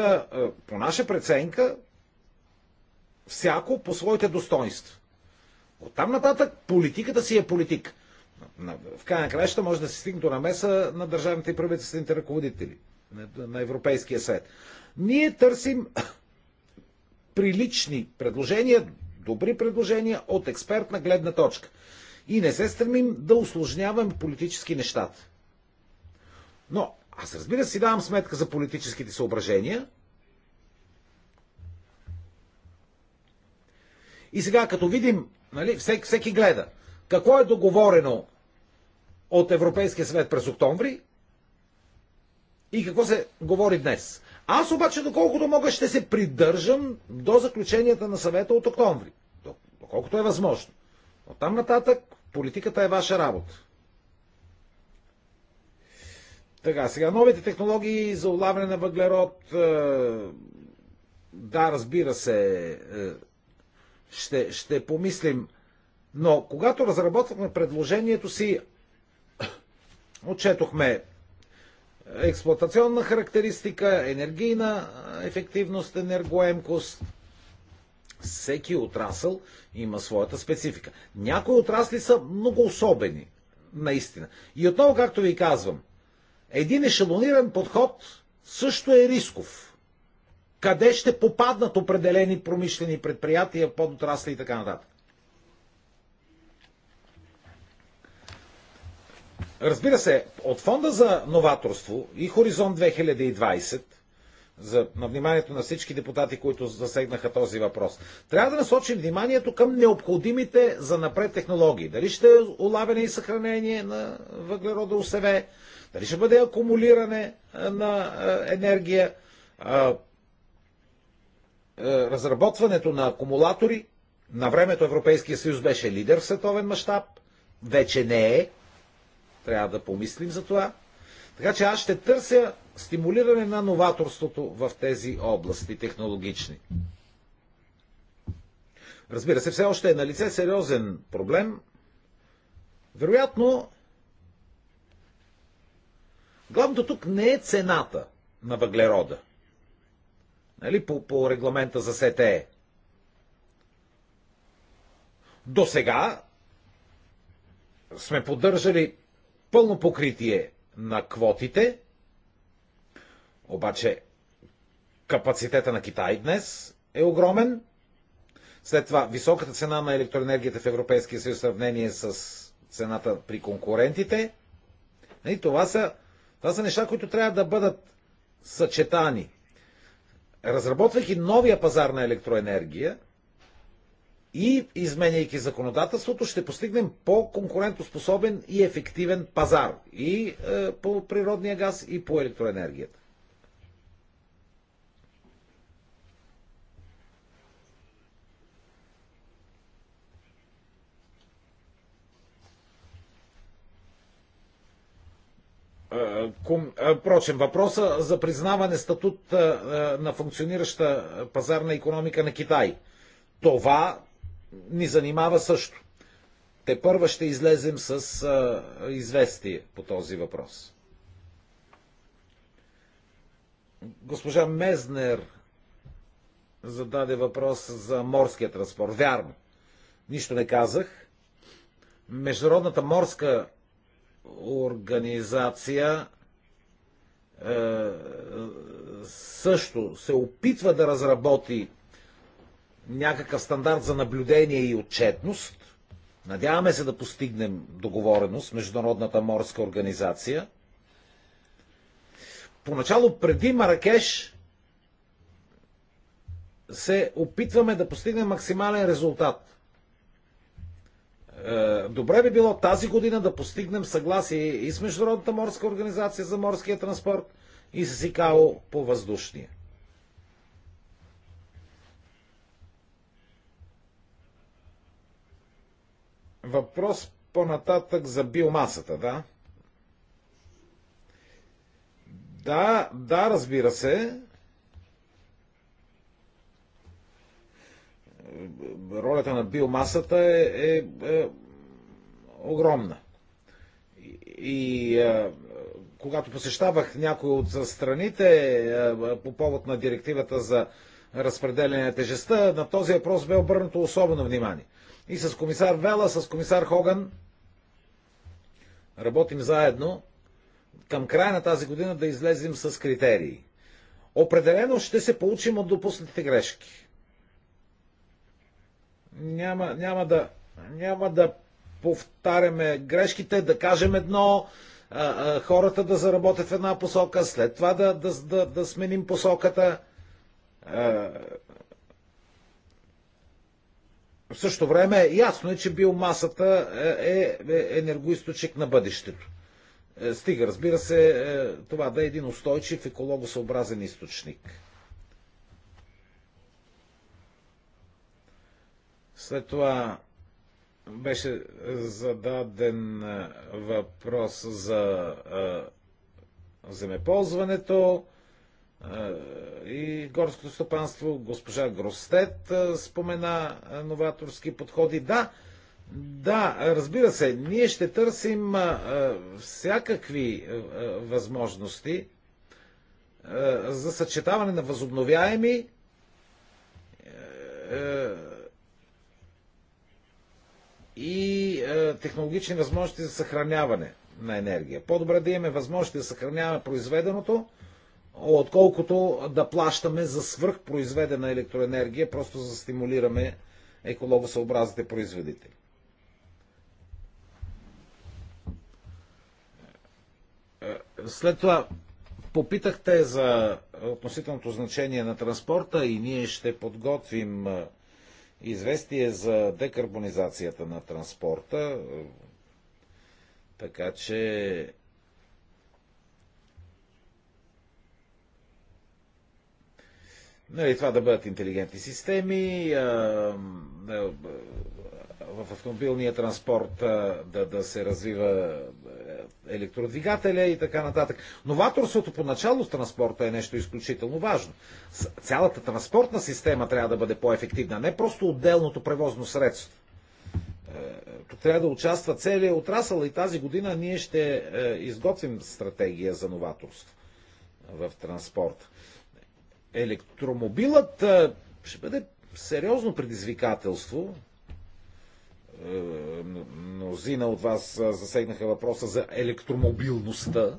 по наша преценка всяко по своите достоинства. От там нататък политиката си е политик. В край на краища може да се стигне до намеса на държавните и правителствените ръководители на Европейския съвет. Ние търсим *coughs* прилични предложения, добри предложения от експертна гледна точка. И не се стремим да усложняваме политически нещата. Но аз разбира си давам сметка за политическите съображения. И сега, като видим, нали, всеки, всеки гледа, какво е договорено от Европейския съвет през октомври и какво се говори днес. Аз обаче, доколкото мога, ще се придържам до заключенията на съвета от октомври. Доколкото е възможно. От там нататък политиката е ваша работа. Така, сега новите технологии за улавяне на въглерод, е, да, разбира се, е, ще, ще помислим, но когато разработвахме предложението си, *coughs* отчетохме експлуатационна характеристика, енергийна е, ефективност, енергоемкост. Всеки отрасъл има своята специфика. Някои отрасли са много особени, наистина. И отново, както ви казвам, един ешелониран подход също е рисков. Къде ще попаднат определени промишлени предприятия, подотрасли и така нататък. Разбира се, от Фонда за новаторство и Хоризонт 2020, за, на вниманието на всички депутати, които засегнаха този въпрос, трябва да насочим вниманието към необходимите за напред технологии. Дали ще е улавяне и съхранение на въглерода ОСВ, дали ще бъде акумулиране на енергия, разработването на акумулатори. На времето Европейския съюз беше лидер в световен мащаб, вече не е. Трябва да помислим за това. Така че аз ще търся стимулиране на новаторството в тези области технологични. Разбира се, все още е на лице сериозен проблем. Вероятно, Главното тук не е цената на въглерода. Нали, по, по регламента за СТЕ. До сега сме поддържали пълно покритие на квотите, обаче капацитета на Китай днес е огромен. След това високата цена на електроенергията в Европейския съюз в сравнение с цената при конкурентите. И нали, това са това са неща, които трябва да бъдат съчетани. Разработвайки новия пазар на електроенергия и изменяйки законодателството, ще постигнем по-конкурентоспособен и ефективен пазар и е, по природния газ, и по електроенергията. Е, е, Прочем, въпроса за признаване статут е, на функционираща пазарна економика на Китай. Това ни занимава също. Те първа ще излезем с известие по този въпрос. Госпожа Мезнер зададе въпрос за морския транспорт. Вярно. Нищо не казах. Международната морска организация е, също се опитва да разработи някакъв стандарт за наблюдение и отчетност. Надяваме се да постигнем договореност с Международната морска организация. Поначало преди Маракеш се опитваме да постигнем максимален резултат. Е, добре би било тази година да постигнем съгласие и с Международната морска организация за морския транспорт, и с ИКАО по въздушния. Въпрос по-нататък за биомасата, да? Да, да, разбира се. ролята на биомасата е, е, е огромна. И, е, когато посещавах някои от страните е, по повод на директивата за разпределяне на тежестта, на този въпрос бе обърнато особено внимание. И с комисар Вела, с комисар Хоган работим заедно към края на тази година да излезем с критерии. Определено ще се получим от допуснатите грешки няма, няма, да, няма да повтаряме грешките, да кажем едно, а, а, хората да заработят в една посока, след това да, да, да, да сменим посоката. А, в същото време ясно е, че биомасата е, е, е енергоисточник на бъдещето. Е, стига, разбира се, е, това да е един устойчив, екологосъобразен източник. След това беше зададен въпрос за земеползването и горското стопанство. Госпожа Гростет спомена новаторски подходи. Да, да, разбира се, ние ще търсим всякакви възможности за съчетаване на възобновяеми и е, технологични възможности за съхраняване на енергия. По-добре да имаме възможности да съхраняваме произведеното, отколкото да плащаме за свръхпроизведена електроенергия, просто за да стимулираме екологосъобразните производители. Е, след това попитахте за относителното значение на транспорта и ние ще подготвим е, известие за декарбонизацията на транспорта, така че Нали, това да бъдат интелигентни системи, а, а, в автомобилния транспорт а, да, да се развива електродвигателя и така нататък. Новаторството поначало в транспорта е нещо изключително важно. Цялата транспортна система трябва да бъде по-ефективна, не просто отделното превозно средство. Е, тук трябва да участва целият отрасъл и тази година ние ще е, изготвим стратегия за новаторство в транспорта. Електромобилът е, ще бъде сериозно предизвикателство мнозина от вас засегнаха въпроса за електромобилността.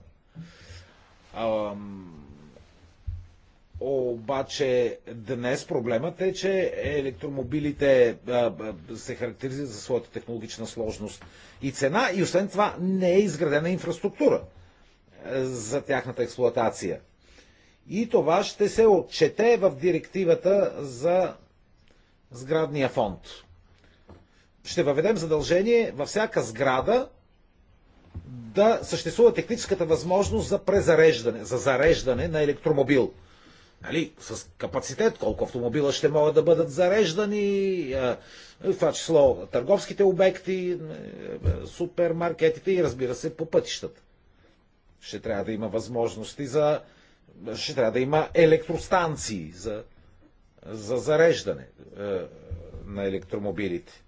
Обаче днес проблемът е, че електромобилите се характеризират за своята технологична сложност и цена, и освен това не е изградена инфраструктура за тяхната експлоатация. И това ще се отчете в директивата за сградния фонд ще въведем задължение във всяка сграда да съществува техническата възможност за презареждане, за зареждане на електромобил. Нали, с капацитет, колко автомобила ще могат да бъдат зареждани, в това число търговските обекти, е, супермаркетите и разбира се по пътищата. Ще трябва да има възможности за... Ще трябва да има електростанции за, за зареждане е, на електромобилите.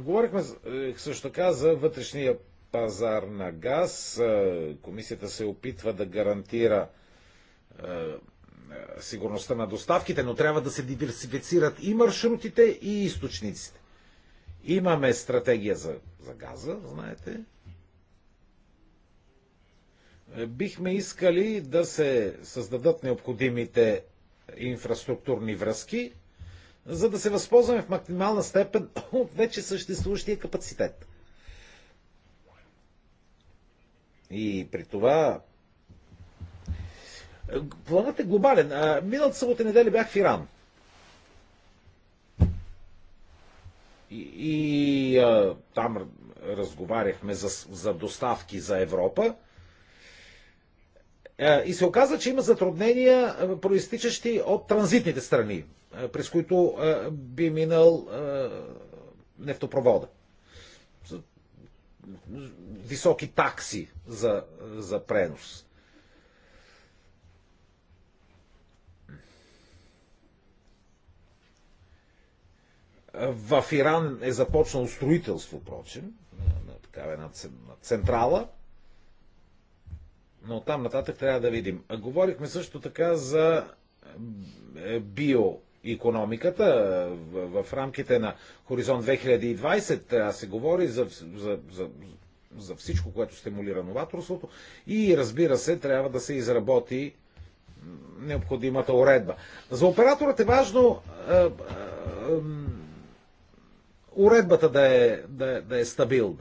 Говорихме е, също така за вътрешния пазар на газ. Е, комисията се опитва да гарантира е, сигурността на доставките, но трябва да се диверсифицират и маршрутите, и източниците. Имаме стратегия за, за газа, знаете. Бихме искали да се създадат необходимите инфраструктурни връзки за да се възползваме в максимална степен *laughs* от вече съществуващия капацитет. И при това планът е глобален. Миналата събота неделя бях в Иран. И, и а, там разговаряхме за, за доставки за Европа. И се оказа, че има затруднения, проистичащи от транзитните страни през които би минал нефтопровода. Високи такси за, за пренос. В Иран е започнало строителство, впрочем, на такава една централа, но там нататък трябва да видим. Говорихме също така за е, био економиката в, в рамките на Хоризонт 2020 се говори за, за, за, за всичко, което стимулира новаторството и разбира се, трябва да се изработи необходимата уредба. За операторът е важно е, е, е, уредбата да е, да, е, да е стабилна.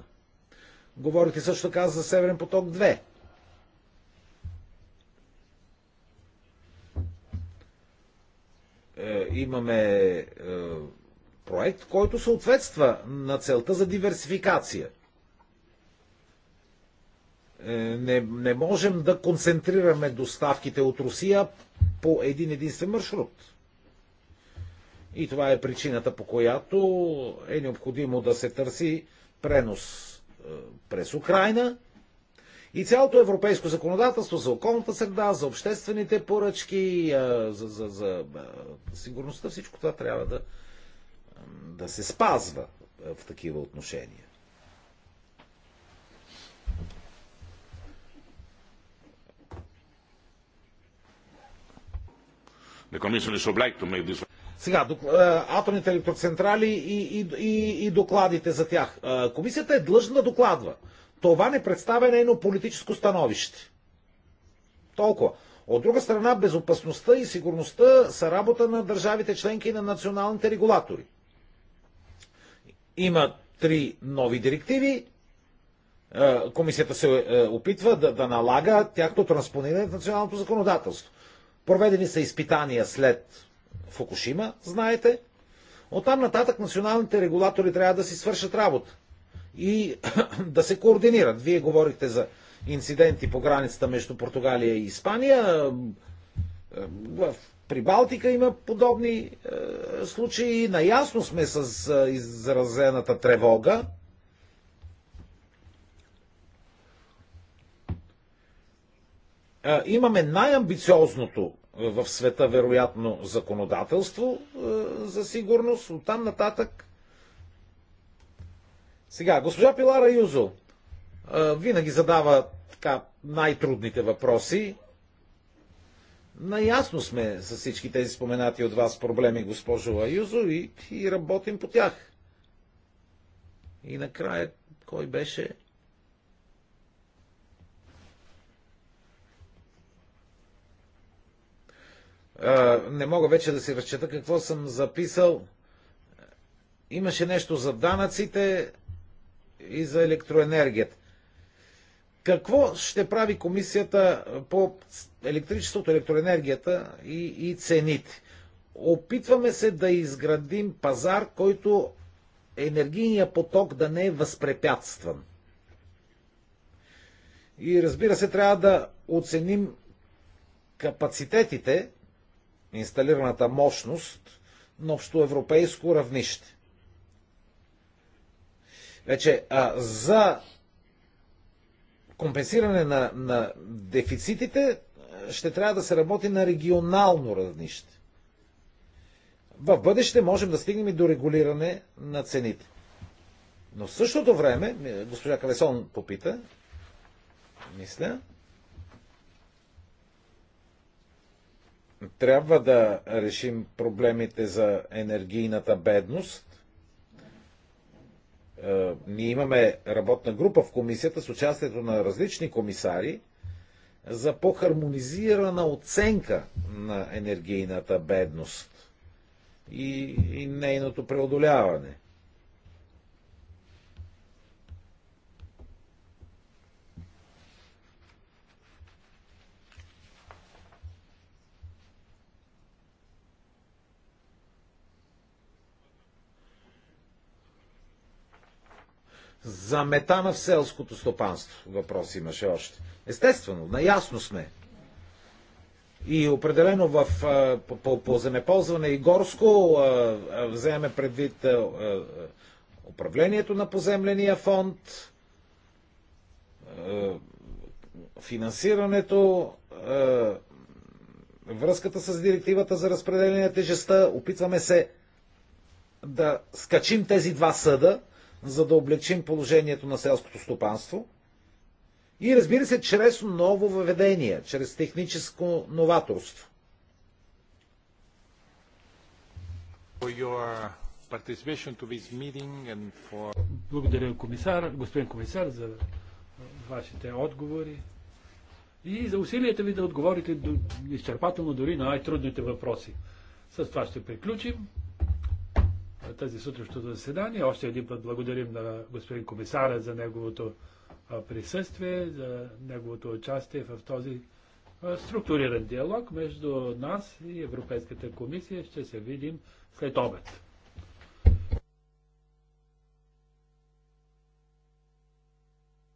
Говорите също така за Северен поток 2. Е, имаме е, проект, който съответства на целта за диверсификация. Е, не, не можем да концентрираме доставките от Русия по един единствен маршрут. И това е причината, по която е необходимо да се търси пренос през Украина – и цялото европейско законодателство за околната среда, за обществените поръчки, за, за, за сигурността, всичко това трябва да, да се спазва в такива отношения. Сега, атомните електроцентрали и, и, и, и докладите за тях. Комисията е длъжна да докладва това не представя нейно политическо становище. Толкова. От друга страна, безопасността и сигурността са работа на държавите членки и на националните регулатори. Има три нови директиви. Е, комисията се е, опитва да, да налага тяхто транспониране в националното законодателство. Проведени са изпитания след Фукушима, знаете. Оттам нататък националните регулатори трябва да си свършат работа и *clears throat* да се координират. Вие говорихте за инциденти по границата между Португалия и Испания. В Прибалтика има подобни е, случаи. Наясно сме с е, изразената тревога. Е, имаме най-амбициозното в света, вероятно, законодателство за сигурност. Оттам нататък сега, госпожа Пилара Юзо винаги задава така най-трудните въпроси. Наясно сме с всички тези споменати от вас проблеми, госпожо Аюзо, и, и работим по тях. И накрая, кой беше? не мога вече да си разчета какво съм записал. Имаше нещо за данъците и за електроенергията. Какво ще прави комисията по електричеството, електроенергията и, и цените? Опитваме се да изградим пазар, който енергийния поток да не е възпрепятстван. И разбира се, трябва да оценим капацитетите, инсталираната мощност на общоевропейско равнище. Вече а, за компенсиране на, на дефицитите е, ще трябва да се работи на регионално равнище. В бъдеще можем да стигнем и до регулиране на цените. Но в същото време, госпожа Калесон попита, мисля, трябва да решим проблемите за енергийната бедност, е, ние имаме работна група в комисията с участието на различни комисари за по-хармонизирана оценка на енергийната бедност и, и нейното преодоляване. За метана в селското стопанство въпрос имаше още. Естествено, наясно сме. И определено в, по, по, по земеползване и горско вземе предвид управлението на поземления фонд, финансирането, връзката с директивата за разпределение на тежестта. Опитваме се да скачим тези два съда за да облегчим положението на селското стопанство. И разбира се, чрез ново въведение, чрез техническо новаторство. Благодаря, комисар, господин комисар, за вашите отговори и за усилията ви да отговорите изчерпателно дори на най-трудните въпроси. С това ще приключим тази сутрешното заседание. Още един път благодарим на господин комисара за неговото присъствие, за неговото участие в този структуриран диалог между нас и Европейската комисия. Ще се видим след обед.